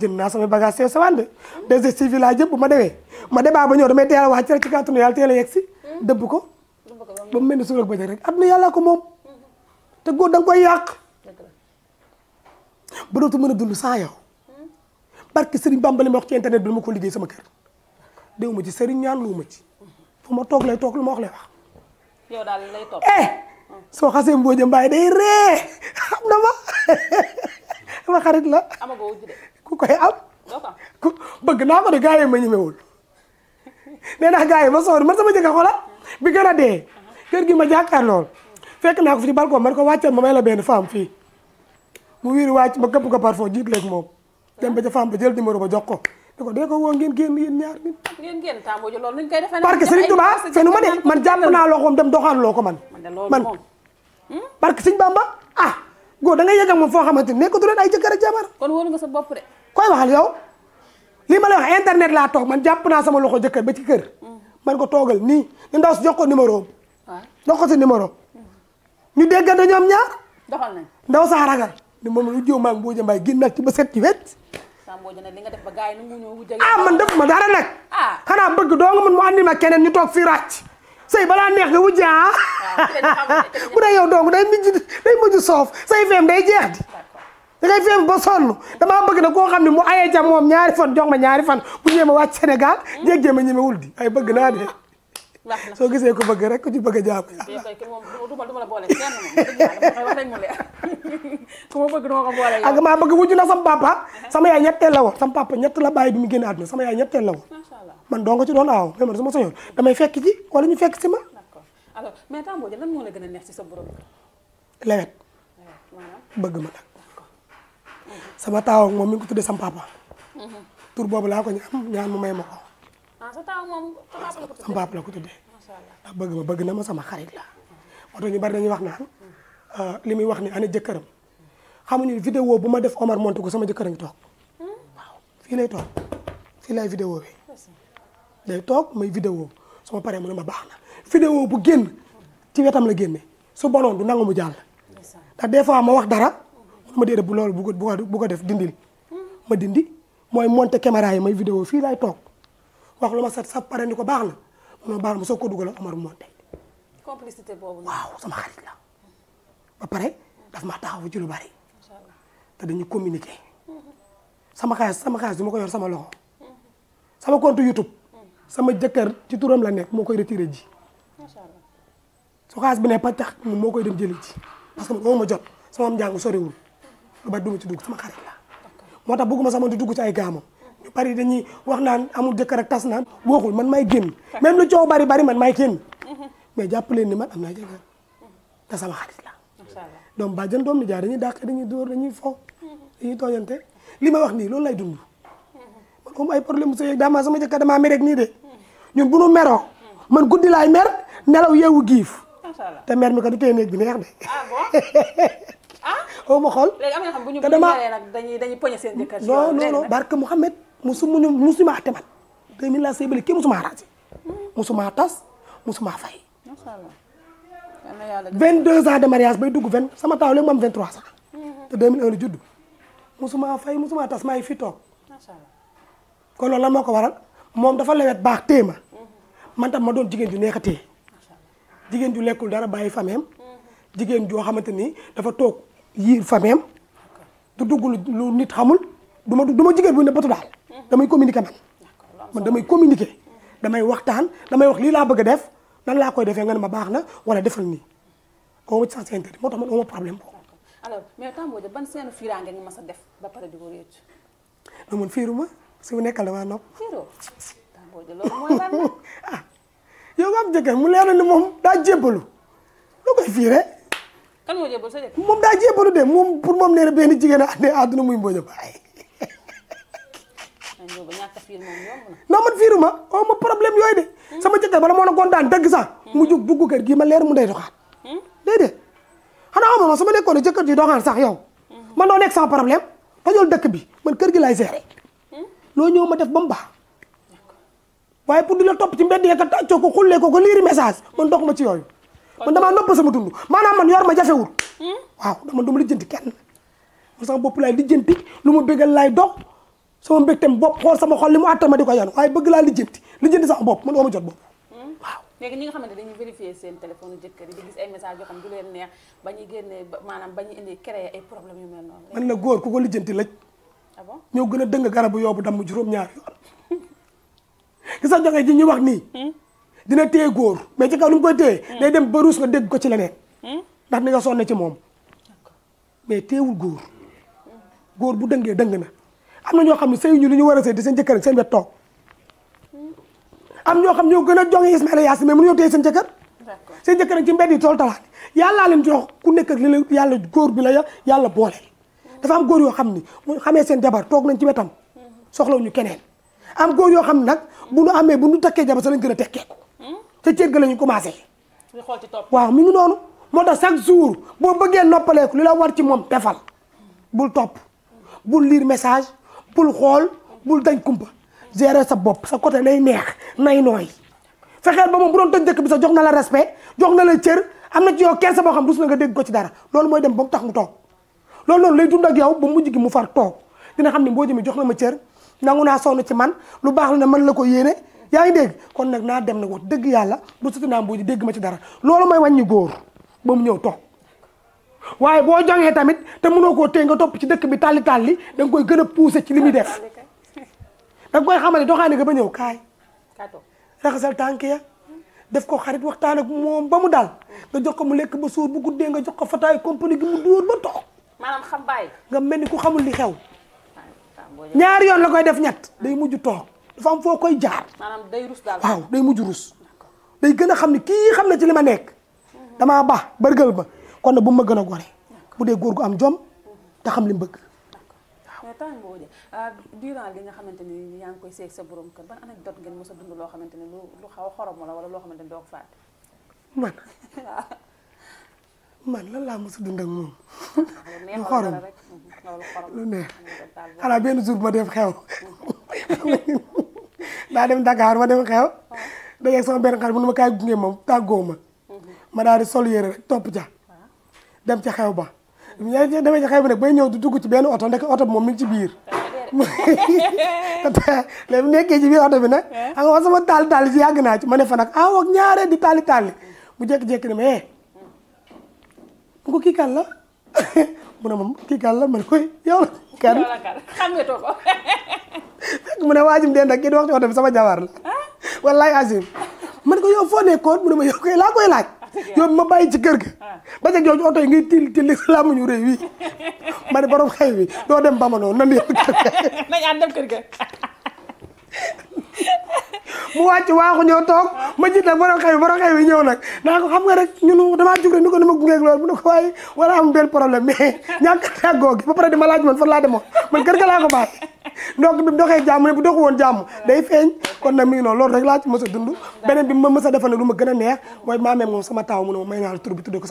jënd naa sama bagage sew sewaan de des civil laa jëm bu ma demee ma debaa ba ñëw damay teel a wàcc rek ci kàttanu yàlla teel a yegg si dëbb ko ba mu mel ni suurak bëjëk rek àdduna yàlla ko moom te góor da nga koy yàq ba dootu mën a dund sans yow barke Serigne Bamba li ma wax ci internet bi ma ko liggéey sama kër déw ma ci Serigne ñaan lu ma ci fu ma toog lay toog yow daal lay topp eh, soo xasee mbooja mbaay day ree xam na ma ma xarit la. amagoo ku koy am. ku bëgg naa ko de gars yi ma ñemewul nee naa gars yi ma soxla man sama jëkkër xoolal bi gën a dee. kër gi ma jàkkaar lool fekk naa ko fi ci balcon man ko wàccal ma may la benn femme fii mu wiiri wàcc ma këpp ko parfum jiit leeg moom dem ba ca ba jël numéro ba jox ko. ne ko dee ko woo ngeen génn yéen ñaar nit. ngeen génn tàmboo ji loolu nuñ koy defee. parce que Serigne Touba fenu ma de man jàpp naa loxoom dem doxaan loo man. man parce hmm? que Serigne Bamba ah góor da ngay yëg ak moom foo xamante ne nekkatu leen ay jëkkër ak jabar. kon wóolu nga koy waxal yow li ma la wax internet laa toog man jàpp naa sama loxo jëkkër ba ci kër. Hmm. man ko toogal nii ñu ndaw si jox ko numéro am. jox ko sa numéro ñu déggante ñoom ñaar. doxal nañ ndaw saa ragal ni moom lu jiw maa ngi boo jëmbaay génn ci ba set ci wet ah man def ma dara nag. Ah. xanaa bëgg doo mën mu andi ma keneen ñu toog fii say sëy balaa neex nga wujja ah. ah bu dee yow dong day mujj day mujj soof say feem day jeex di. da ngay feem ba sonn damaa bëgg nag koo xam ne mu ayee jam moom ñaari fan jox ma ñaari fan bu ñëwee ma wàcc Sénégal hmm? jéggee ma ñemewul di ay bëgg naa de. soo gisee ku bëgg rek ku ci bëgg a jàpp ak maa bëgg wujju na sama papa sama yaay ñetteel la woon sama papa ñett la bàyyi bi mu génn àdduna sama yaay ñetteel la woon man doo nga ci doon aaw mais man su ma soñoon damay fekk ci wala ñu fekk si ma la gën a neex ci sa borom lewet bëgg ma nag sama taaw ak moom mi ngi ko tuddee mhm. tur boobu laa ko ñaan mu may ma ah sa taaw moom sama baab la ko tuddee. bëgg ma bëgg na ma sama xarit la. moo tax dañuy wax naan ah, li muy wax ni ane jëkkëram xamuñu vidéo bu ma def Omar monté ko sama jëkkër a toog hmm? fii lay toog fii lay vidéo bi day toog may vidéo su ma paree mu ne ma baax na vidéo bu génn ci wetam la génne su bonoon du nangu mu jàll ndax des fois ma wax dara mu ma déedéet bu loolu bu ko def dindil hmm? ma dindi mooy monté caméra yi may vidéo fii lay toog wax lu ma set sa pare ni ko baax na baax na soo ko dugal Omar monté. complicité boobu waaw sama xarit ba pare daf ma taxawu ci lu bari. te dañuy communiquer. sama xaalis sama xaalis du ma ko yor sama loxo. sama compte YouTube. sama jëkkër ci turam la nekk moo koy retiré ji. su xaalis bi ne pàccax moom moo koy dem jëli ji parce que moom ma jot sama njàng sorewul lu bari du ma ci dugg sama xarit la moo tax bëgguma sama di dugg ci ay gaamam. ñu bari dañuy wax naan amul jëkkër ak tas naan man maay génn même lu coow bari bari man maay génn mais jàpp leen ni ma am naa jëkkër te sama xarit la doom bàjjan doom ni jaay dañuy dàq dañuy dóor dañuy fo tooñante li ma wax nii loolu lay dund man comme ay problème sëy daamaa sama jëkkër damaa mere nii de ñun bu nu meroo man guddi laay mer nelaw yeewu giif te mer mi ka du tee néeg bi neex de ah, ah xaw ma xool léegi am na xam bu ñu poñe seen jëkkër non non non barke musu mu musuma te man 2000 laa sëy bële kii musuma raasi musuma tas musuma fay. macha allah. 22 ans de mariage bay dugg vingt sama taaw léegi mu am 23 ans. Mm-hmm. te fay musuma tas maa ngi fi toog. macha allah kon loolu lan moo ko waral moom dafa lewet baax téye ma mm-hmm. man tam ma doon jigéen ju neex a jigéen ju lekkul dara bàyyi fameem mm-hmm. jigéen joo xamante ni dafa toog yiir fameem du dugg lu nit xamul du ma du ma jigéen bu ne batu daal. damay communique man man damay communiquer damay waxtaan damay wax lii laa bëgg a def nan laa koy defee nga ne ma baax na wala defal nii aw ma ci sens intérêt moo tax man aw problème ko alors mais Tamba Mbodja ban seenu fiiraange nga mas a def ba pare di ko réccu non ma su nekkal damaa nopp fiiroo Tamba la ah, nga am jëkkër mu leer na ne moom daa jébbalu loo koy fiire kan moo jébbalu sa moom daa jébbalu de moom pour moom nee na benn jigéen a àdduna muy Mbodja non man fiiruma aw ma problème yooyu de sama jëkkër bala moo na kontaan dëgg sax mu jug dugg kër gii ma leer mu day doxaat hmm? déedéet xanaa xamama sama nekkoon ne jëkkër ji doxaan sax yow hmm. man doo nekk sama problème fajol dëkk bi man kër gi lay gérer hmm? loo ñëw ma def ba mu baax waaye di la topp ci mbedd yeeg a tàccoo ko ko ko liiri message man dox ma ci yooyu man damaa nopp sama dund maanaam man yor ma jafewul waaw dama dama lijjanti kenn man sama bopp laay lijjanti lu ma bégal laay dox sama mbégteem bopp xool sama xol li mu àttal ma di ko yoon waaye bëgg laa lijjanti lijjanti sama bopp man doo ma jot bopp waaw. léegi ñi nga xamante dañuy vérifier seen téléphone jëkkër yi di gis ay leen neex ba ñuy génnee maanaam ba ñuy indi créer ay problème yu mel noonu. man la góor ku ko lijjanti lëj. ah bon ñoo gën a dëng garabu yoobu damm juróom-ñaar yoon gis nga joxe ji ñuy wax nii. Hmm? dina téye góor mais ci kaw lu mu koy téye. Hmm? day dem ba ruus nga dégg ko ci leneen. Hmm? ndax ni nga sonne ci moom. mais téewul góor góor bu dëngee dëng na am na ñoo xam ne sëyuñu li ñu war a sëy di seen jëkkër seen wet toog am ñoo xam ñoo gën a jonge Ismaïla Yaasin mais mënuñoo téye seen jëkkër seen jëkkër nag ci mbedd yi tool talaani yàllaa leen jox ku nekk ak li la yàlla góor bi la yàlla boole dafa am góor yoo xam ni mu xamee seen jabar toog nañ ci wetam soxlawuñu keneen am góor yoo xam ne nag bu nu amee bu nu takkee jabar sa lañ gën a tekkeeku ca cër ga la ñu commencé waaw mi ngi noonu moo tax chaque jour boo bëggee noppaleeku li la war ci moom defal bul topp bul lire message bul xool bul dañ kumpa gérer sa bopp sa côté lay neex nay nooy fexeel ba moom bu doon toj dëkk bi sa jox na la respect jox na la cër am na ci yow kersa boo xam rus na nga dégg ko ci dara loolu mooy dem ba tax mu toog loolu noonu lay dund ak yow ba mujj gi mu far toog dina xam ne mboo jëmi jox na ma cër nangu naa sonn ci man lu baax la ne man la ko yéene yaa ngi dégg kon nag naa dem na wax dëgg yàlla bu suti naa mboo ji dégg ma ci dara loolu mooy wàññi góor ba mu ñëw toog waaye boo jongee tamit te mënoo koo téye nga topp ci dëkk bi tàlli tàlli da nga koy gën a poussé ci li muy def da koy koy xamante doxaane ka ba ñëw kaay raxasal tànk ya def ko xarit waxtaan ak moom ba mu daal nga jox ko mu lekk ba suur bu guddee nga jox ko fataay compagnie gi mu dóor ba toog maanaam xam nga mel ni ku xamul li xew ah, ñaari yoon la koy def ñett day mujj toog dafa am foo koy jaar maanaam day rus daal waaw day mujj rus day gën a xam ni kii xam na ci li ma nekk mm-hmm. damaa baax bërgal ba kon nag bu ma gën a gore bu dee góor gu am jom te xam li mu bëgg. mais temps boo euh, nga xamante ni yaa ngi koy seeg sa borom kër ban anecdote ngeen loo xamante ni lu xaw a la wala loo xamante ni doo ko man man lan laa mos a dund ak moom. lu xorom lu neex xanaa benn jour ma dem xew. daa dem Dakar ma dem xew. Oh. da ngay benn xar bu ma kaay gunge moom tàggoo ma. Mhm. ma daal di sol yére rek topp ca. dem ca xew ba ñaareel demee ca xew ba nag bay ñëw du dugg ci benn oto ndek oto bi moom mi ci biir. léegi nekkee ci biir oto bi na eh? xam nga sama taal taal ci yàgg naa ci ma ne fa nag ah ak di taali taali mu jekki jékki ne ma eh mu ko kii kan la mu ne ma kii kan la man koy yow la kan. yow mu ne waajum den nag di wax ci oto bi sama jabar la. Ah? wallaay asim man ko yow foo nekkoon mu ne ma yow koy laa koy yow ma bàyyi ci kër ga ah. ba ca jooju oto yi ngay til til laamuñu réew yi ma ne borom xëy bi doo dem Bamano nan yéen nañ ànd dem kër ga mu wàcc waaxu ñëw toog ma jiit nag borom xew borom ñëw nag naa ko xam nga rek ñun damaa jug rek ni ko ni ma gungeeg loolu mu ne ko waaye wala am benn problème mais ñàkk tàggoo gi ba pare di ma laaj man laa demoon man kër ga laa ko bàyyi donc bi mu doxee jàmm ne bu doxu woon jàmm day feeñ kon nag mi noonu loolu rek laa ci mës a dund beneen bi ma mës sa defal ne lu ma gën a neex mooy maamee moom sama taaw mu ne may naa la tur bi tuddee ko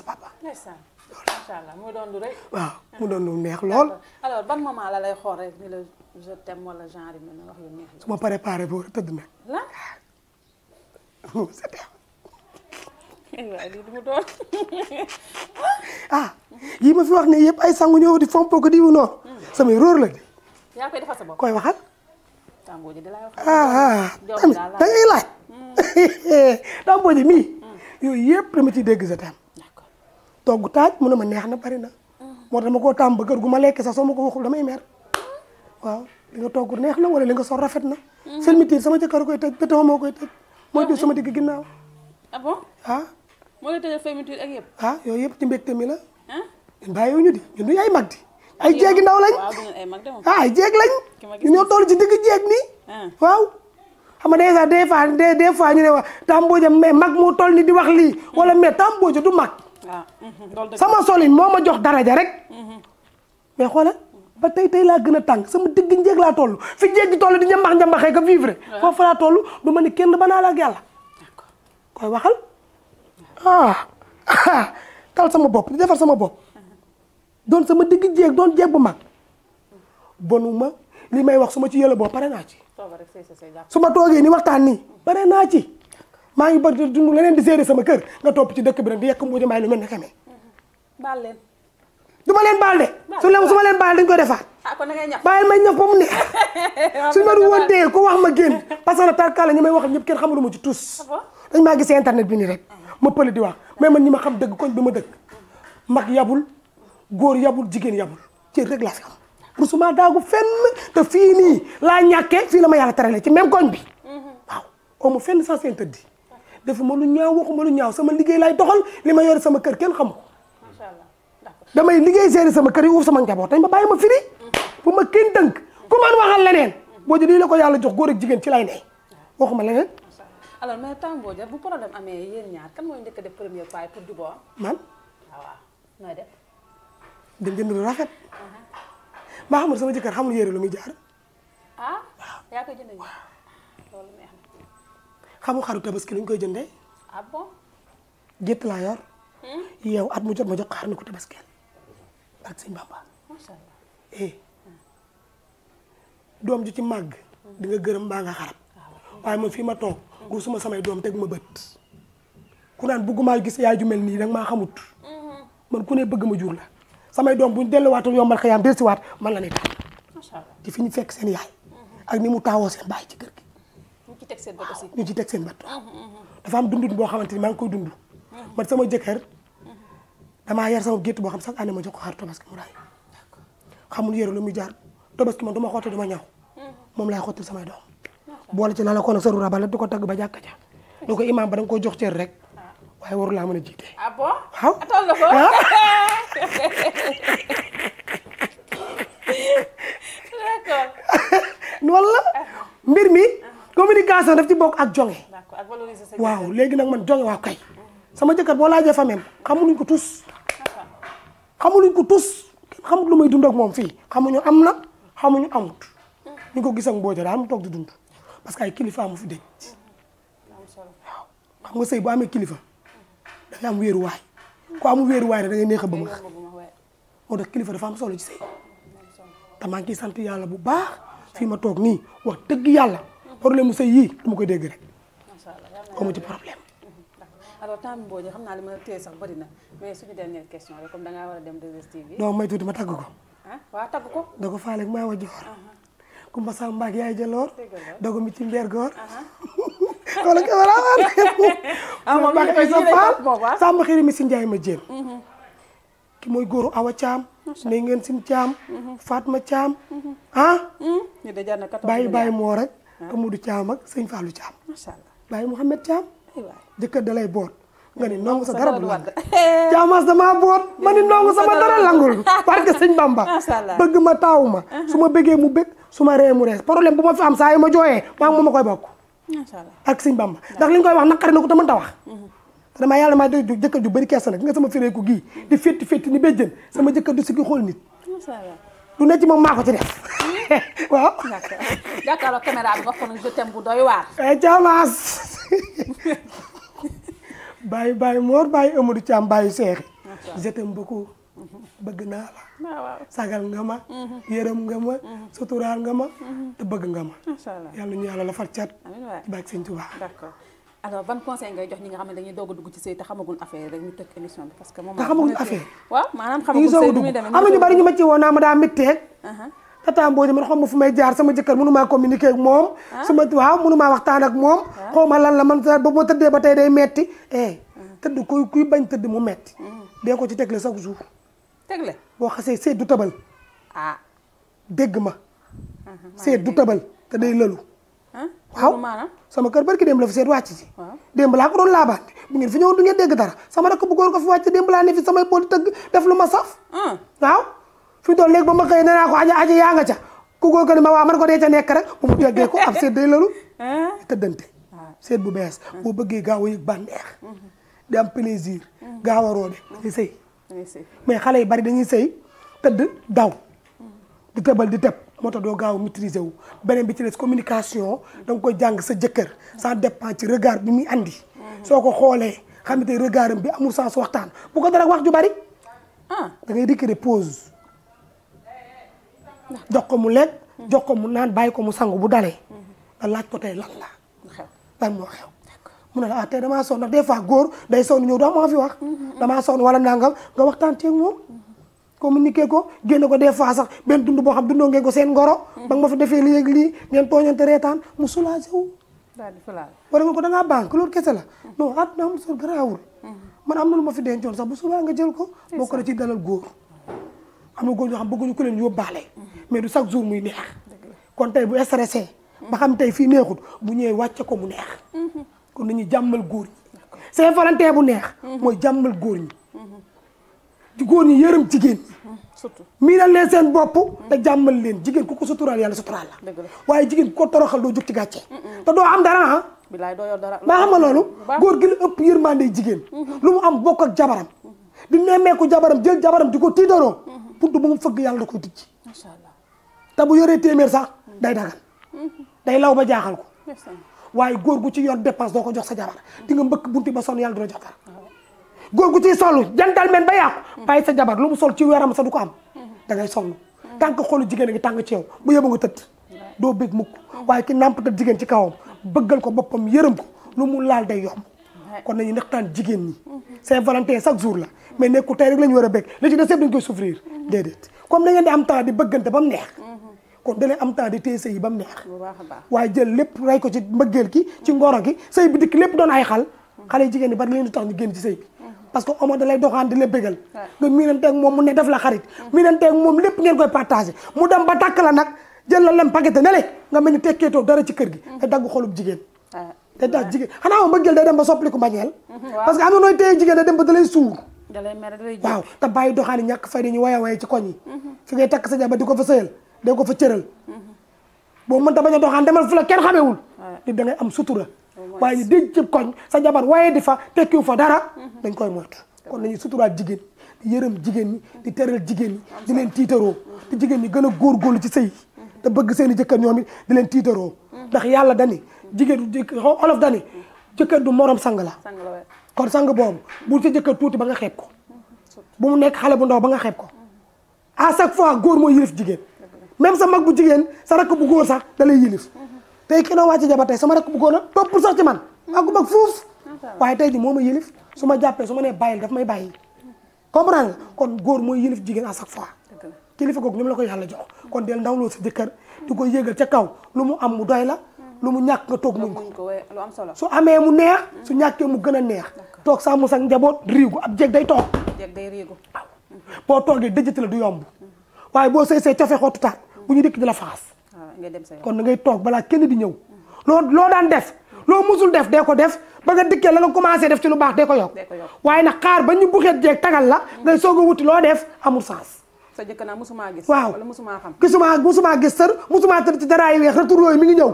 doon lu rëy. waaw mu doon lu neex lool. alors ban moment la lay xool rek ni la je wala genre yi wax lu neex. su ma préparé ba war a tëdd nag. ah yii ma fi wax ne yëpp ay sangu ñëw di fomp ko di wu noonu. Hmm. samay róor la de. koy defal koy waxal. ah da ngay laaj tàmbooji mii yooyu yëpp dama ciy dégg sa tam togg taaj mu ne ma neex na bari na moo tax ma ko tàmm ba kër gu ma lekk sax soo ma ko waxul damay mer waaw li nga togg neex na wala li nga sol rafet na selmitiir sama jëkkër koy tëj pétéo moo mooy diw sama digg ginnaaw ah bon ah moo lay tëjal fermeture ak yëpp yooyu yëpp ci mbégte mi la bàyyiwu di ñun du yaay mag di ay jéeg ndaw lañ ah ay jéeg lañ ñoo toll ci digg jéeg nii ah. waaw xam nga déjà des fois des fois ñu ne wa Tambodja mais mag moo toll ni di wax lii wala mais Tambodja du mag ah, mhm, sama solin moo ma jox daraja rek mhm. mais xoolal ba tey tey laa gën a tànk sama digg njéeg laa toll fi jéeg gi di njambax njambaxee ko vivre ah. foofu laa toll du ma ne kenn banaa la ak yàlla koy waxal ah tal sama bopp di defar sama bopp doon sama digg jéeg doon jéeg bu mag bonuma li may wax su ma ci yële boo pare naa ci. su ma toogee ni waxtaan nii pare naa ci maa ngi bëgg dund leneen di gérer sama kër nga topp ci dëkk bi rek di yekk mbuuj maay lu mel ne xamee. leen. du ma leen baal de. su leen ma leen baal dañ koy defaat. ah kon ngay ñaf bàyyil may ñaf ko mu ne. suñu ma du woon ko wax ma génn parce que tarkaale ñi may wax ñëpp kenn xamuluma ci tous. Ah dañ maa gisee internet bi nii rek. ma pële di wax mais man ñi ma xam dëgg koñ bi ma dëgg mag yabul góor yabul jigéen yabul cër rek laa fi am rusuma daagu fenn te fii nii laa ñàkkee fii la ma yàlla terale ci même koñ bi waaw omo fenn sans seen tëddi ma lu ñaaw waxuma lu ñaaw sama liggéey laay doxal li ma yore sama kër kenn xam ko damay liggéey gérer sama kër yi uuf sama njaboot dañ ma bàyyi ma firi bu mm-hmm. ma kenn dënk ku man waxal leneen mm-hmm. boo ji lii la ko yàlla jox góor ak jigéen ci lay ne waxuma leneen alors mais Tambodja bu problème amee yéen ñaar kan mooy njëkk def premier pas pour juboo man ah waaw def dem jënd lu rafet. maa xamul sama jëkkër xamul yére lu muy jaar. ah yaa ko jëndee loolu neex na. xamul xaru tabaski lu koy jëndee. ah bon. yor. Hmm? yow at mu jot ma jox xar na ko tabaskeel ak sëñ Bamba. macha eh. doom ju ci màgg. di gërëm mbaa nga xarab. Ah, waaye man fii ma toog. suma samay doom teg ma bët. ku naan bëggumaa gis yaay ju mel nii danga maa xamut. Mm-hmm. man ku ne bëgg ma jur la. samay doom bu ñu delluwaatul yombal xëyaam dellusiwaat man la ñuy taal. macha allah di fi ñu fekk seen yaay. ak ni mu taawoo seen baay ci kër gi. ñu ñu ci teg seen bët mm-hmm, mm-hmm. dafa am dundut boo xamante ni maa ngi koy dund. Mm-hmm. man sama jëkkër damaa yar sama gétt boo xam sax année ma jox ko xar tabaski mu raay. xamul yére lu muy jaar tabaski ma xotti du ma ñaw. moom laay xottil samay doom. boole ci lala ko nag sa rura bala di ko tagg ba jàkka ja. donc imaam ba da nga jox cër rek. Ah. waaye waru laa mën a jiite. ah bon croissant def ci bokk ak jonge waaw léegi nag man jonge waaw kay sama jëkkër boo laajee famem xamuluñ ko tus xamuluñ ko tus xamut lu may dundak ak moom fii xamuñu am na xamuñu amut ñu ko gis ak mbooja daal mu toog di dund parce que ay kilifa fi denc nga sëy bu amee kilifa danga am wéeruwaay ku ko wéeruwaay rek waay ngay neex a ba max moo tax kilifa dafa am solo ci sëy te maa ngi sant yàlla bu baax fii ma toog nii wax dëgg yàlla problème mu sëy yii dama koy dégg rek. macha allah amu ci problème. alors na mais suñu dernière question rek comme da ngaa a dem 2STV. non may tuuti ma tagg ko. ah waaw tagg ko. da ko faale maa wa joor. Kumba yaay jaloor. dogo mi ci mbeer goor. xoolal ko wala wala. ah moom mi ngi koy jëlee ah. mi si Ndiaye ma jéem. Mhm. ki mooy góoru Awa Thiam. ne ngeen sim Thiam. Mhm. Fatma Thiam. Mhm. ah. ñu de jar moo rek. Amadou Thiam ak sëñ Fallou Thiam. macha allah Baye Mouhamed Thiam. aywa jëkkër dalay boot. nga ni ndongo sa dara bu lang caamaas damaa boot ma ni ndongo sama dara langul parce que sëñ Bamba bëgg ma taaw ma su ma bëggee mu bëgg su ma ree mu rees problème bu ma fi am saa yi ma jooyee maa moom ma koy bokk ak sëñ Bamba ndax li ñu koy wax naqari na ko te mënta wax te mhm. damaa yàlla maa doy jëkkër ju bëri kees nag nga sama fireeku gii di fétti fétti ni béjjën sama jëkkër du sikki xool nit lu ne ci moom maa ko ci def hmm? waaw. d'accord jàkkaarloo caméra bi wax ko nag je t'aime bu doy waar. Eh, Thiamas bëgg naa la. Ah, sagal nga ma. Mm-hmm. yërëm nga ma. Mm-hmm. suturaal nga ma. Mm-hmm. te bëgg nga ma. macha allah yàlla ñu la far cat. ci bàyyi Sëñ alors ban conseil ngay jox ñi nga a dugg ci sëy te xamagul affaire rek ñu tëj émission am na ñu bari ñu ma ci ma daa métteeg uh-huh. tata Mbodj man xaw fu may jaar sama jëkkër mënumaa communiquer ak moom ah. sama waaw mënumaa waxtaan ak moom ah. xaw ma lan la man ba ma tëddee ba tey day metti eh uh-huh. tëdd kuy kuy bañ tëdd mu metti uh-huh. dee ko ci tegle chaque jour tegle boo xasee seet du tabal ah dégg ma seet du tabal te day ah. lëlu waaw sama kër barki démb la fi seet wàcc ci démb laa ko laa laabaat bu ngeen fi ñëwoon du ngeen dégg dara sama rakk bu góor ko fi wàcc démb laa ne fi samay bool tëgg def lu ma saf waaw fi mu toll ba ma xëy nee naa ko aja aja yaa nga ca ku góor ko ni ma waa ko dee ca nekk rek bu mu déggee ko ab seet day lalu tëddante seet bu bees boo bëggee gaaw a yëg bànneex mhm. di am plaisir mhm. gaaw a roobe dañuy sëy mais xale yi bari dañuy sëy tëdd daw mhm. di tëbal di tëb moo tax doo gaaw maîtriser wu beneen bi ci des communication da nga koy jàng sa jëkkër sa dépend ci regard bi muy andi soo ko xoolee xam te regardam bi amul sens waxtaan bu ko dara wax ju bari ah da ngay récréer jox ko mu lekk jox ko mu naan bàyyi ko mu sangu bu dalee nga laaj ko tey lan la lan moo la ah damaa sonn na des fois góor day sonn ñëw doo ma fi wax mm-hmm. damaa sonn wala nangam nga waxtaan ceeg moom communiqué ko génne ko des fois sax benn dund boo xam dundoo ngeen ko seen ngoro. ba nga ma fi defee lii ak lii ngeen tooñante reetaan mu soulagé wu. daal di soulagé nga ko da ngaa banque loolu kese la. non àdduna amul solo garaawul. Mhm. man am na lu ma fi dencoon sax bu subaa nga jël ko. bokk na ci dalal góor. am na góor ñoo xam bëgguñu ku leen yóbbaale. Mhm. mais du chaque jour muy neex. kon tey bu stressé. ba xam tey fii neexut bu ñëwee wàcce ko mu neex. Mhm. kon nañu jàmmal góor ñi. Saint-Valentin bu neex. mooy jàmmal góor ñi. góor ñi yërëm jigéen ñi. surtout miinal leen seen bopp. te jàmmal leen jigéen ku ko suturaal yàlla suturaal la. waaye jigéen ko ko toroxal doo jóg ci gàcce. te doo am dara ah. bilaay dara maa xam loolu. góor gi ëpp ëpp yërmande jigéen. Mm-hmm. lu mu am bokk ak jabaram. di nemmeeku jabaram jël jabaram di ko tiitaroo. pour mm-hmm. bu mu fëgg yàlla da koy tijji. macha te bu yoree téeméer sax day dagal. Mm-hmm. day law ba jaaxal ko. waaye góor gu ci yor dépense doo ko jox sa jabar di nga mbëkk bunti ba sonn yàlla du la jox googu gu ciy solu jantal men ba yàqu bàyyi sa jabar lu mu sol ci weeram sa du ko am da ngay sonn tant que xoolu jigéen a ngi tàng ci yow bu yóbbu nga tëdd doo bég mukk waaye ki nàmpatal jigéen ci kawam bëggal ko boppam yërëm ko lu mu laal day yomb kon nañu naxtaan jigéen ñi Saint-Valentin chaque jour la mais nekkul tey rek la ñu war a bég li ci des yëpp dañ koy souffrir ngeen di am temps di bëggante ba mu neex am temps di téye sëy yi ba mu neex waaye jël lépp ray ko ci mbëggeel ki ci ngoro gi sëy bi dikk lépp doon ay xal xale jigéen ñi bari leen di tax ci sëy bi parce que Omo da lay doxaan di la bégal nga miinanteeg moom mu ne def la xarit miinanteeg moom lépp ngeen koy partagé mu dem ba tàkk la nag jël la lem paquet ne nga mel ni tekkeetoo dara ci kër gi te dagg xolub jigéen day dem ba mm-hmm. na nooy téye ba da suur waaw te bàyyi doxaan yi ñàkk fay dañu waye waye ci koñ yi fi mm-hmm. ngay takk sa di ko fa sëyal dee ko fa cëral mm-hmm. boo mën ta bañ a doxaan demal fu la kenn xamewul di da am sutura waaye ñu denc ci sa jabar waaye di fa tekkiwu fa dara dañ koy moytu kon nañu suturaat jigéen di yërëm jigéen ñi di teral jigéen ñi di leen tiitaroo te jigéen ñi gën a góorgóorlu ci sëy te bëgg seen i jëkkër ñoom it di leen tiitaroo ndax yàlla dani jigéen du olof dani jëkkër du morom sang la kon sang boobu bu ci jëkkër tuuti ba nga xeeb ko bu mu nekk xale bu ndaw ba nga xeeb ko à chaque fois góor mooy yilif jigéen même sa mag bu jigéen sa rakk bu góor sax da lay yilif tey kii noo wàcce jabar tey sama rek bëggoon a topp sax ci man ak ku bëgg fuuf waaye tey ji moo ma yëlif su ma jàppee su ma nee bàyyil daf may bàyyi comprendre nga kon góor mooy yëlif jigéen à chaque fois kilifa googu ñoom la ko yàlla jox kon del ndaw loo sa jëkkër di ko yéegal ca kaw lu mu am mu doy la lu mu ñàkk nga toog muñ ko su amee mu neex su ñàkkee mu gën a neex toog sàmm sa njaboot riigu ak jeeg day toog waaw boo toogee dëjëti la du yomb mm-hmm. waaye boo sëy see cofee xottutaat bu ñu dëkk di la faas kon da ngay toog balaa kenn di ñëw loo loo daan def loo musul def dee ko def ba nga dikkee la nga commencé def ci lu baax dee ko yokk waaye na xaar ba ñu buxeet jeeg tagal la mm. ngay soog wuti loo def amul sens sa jëkk naa musumaa gis waaw wala musumaa xam gisumaa musumaa gis sër musumaa tëdd ci daraa yu weex retour yooyu mi ngi ñëw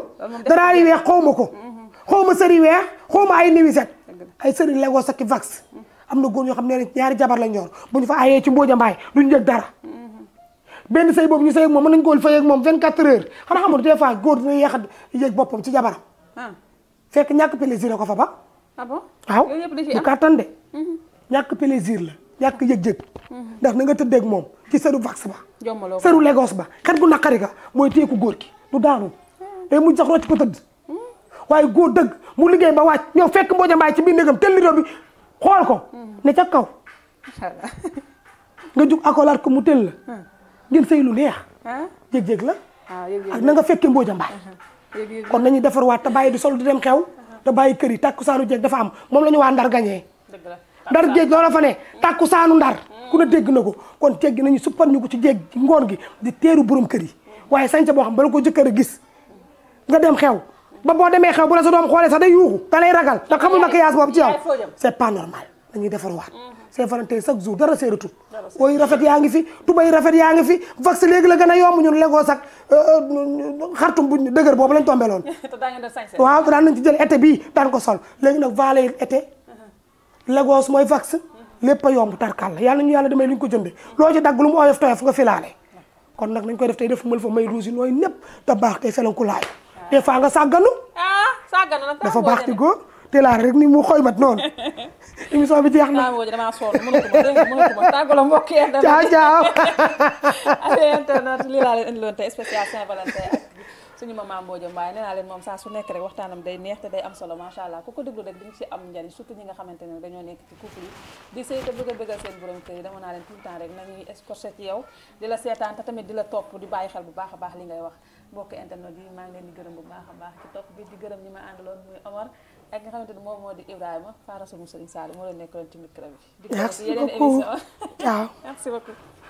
daraa yu weex xaw ma ko mm-hmm. xaw ma sëri weex xaw ma ay niwi set ay sëri legoo sa ki vax mm. am na góor ñoo xam ne ñaari jabar la ñor bu ñu fa ayee ci mbooja mbaay duñu jëg dara benn sëy boobu ñu sëy ak moom mën nañu koo fay ak moom 24 heures xanaa xamul des fois góor dina yéex a yéeg boppam ci jabaram. Ah. fekk ñàkk ko fa ba. ah bon waaw du kàttan de. Mhm. ñàkk plaisir la ñàkk yëg-yëg. Mhm. ndax na nga tëddeeg moom ci seru vax ba. jommaloo seru Lagos ba xet gu naqari ka mooy téye ko góor ki du daanu. Ah. day mujj sax rocc ko tëdd. Mhm. waaye góor dëgg mu liggéey ba wàcc ñëw fekk mbooja mbaay ci biir néegam tel rido bi xool ko. ne ca kaw. nga jug akolaat ko mu tel la ah. ngeen sëy lu neex. yëg-yëg la. Ah, ak na nga fekkee mbooja mbaay. kon nañu defarwaat te bàyyi di sol di dem xew. te bàyyi kër yi tàkkusaanu jeeg dafa am moom la ñu waa ndar gañee ndar géej loola fa ne tàkkusaanu ndar hmm. ku ne dégg na ko kon jéggi nañu suppar ñu ko ci jéeg ci ngoon gi di teeru borom kër yi waaye sañca boo xam bala ko jëkkër a gis nga dem xew ba boo demee xew bu la sa doom xoolee sax day yuuxu da lay ragal ndax xamul maquillage boobu ci yow c'est pas normal ñu dañuy defarwaat mm-hmm. Saint-Valentin chaque jour dara seeratul wooyu rafet yaa ngi fi tubay rafet yaa ngi fi vax léegi la gën a yomb ñun legoo sax euh, euh, xartum bu dëgër boobu lañ tombeloon waaw daan nañ ci jël été bii daan ko sol léegi nag valet mm-hmm. mooy vax mm-hmm. lépp a yomb tarkal yàlla ñu yàlla damay lu ñu ko jënde loo ci dagg lu mu oyof toyof nga filaale kon nag nañ koy def tey def mël fa may ruusi nooy ñëpp te baax tey felanku laayu des fois nga sàgganu ah, dafa baax ci góor te laa rek ni mu xoy mat noonu émission bi jeex na damaa sonn mënatuma tàggaloo mbokk internet caa caa affaire internet lii laa leen indiloon tey spécial Saint-Valentin ak suñu maman Mbodia nee naa leen moom saa su nekk rek waxtaanam day neex te day am solo macha allah ku ko déglu rek di nga ci am njariñ surtout ñi nga xamante ne dañoo nekk ci couple yi di sëy te bëgg a bëggal seen borom kër yi dama naa leen tout temps rek nañuy escorté yow di la seetaan te tamit di la topp di bàyyi xel bu baax a baax li ngay wax mbokk internet yi maa ngi leen di gërëm bu baax a baax ci topp bi di gërëm ñi ma àndaloon muy Omar ak nga xamante ni moom moo di Ibrahima Faara Sow Serigne Sall moo leen nekkoon ci micro bi. di ko yeneen émission merci beaucoup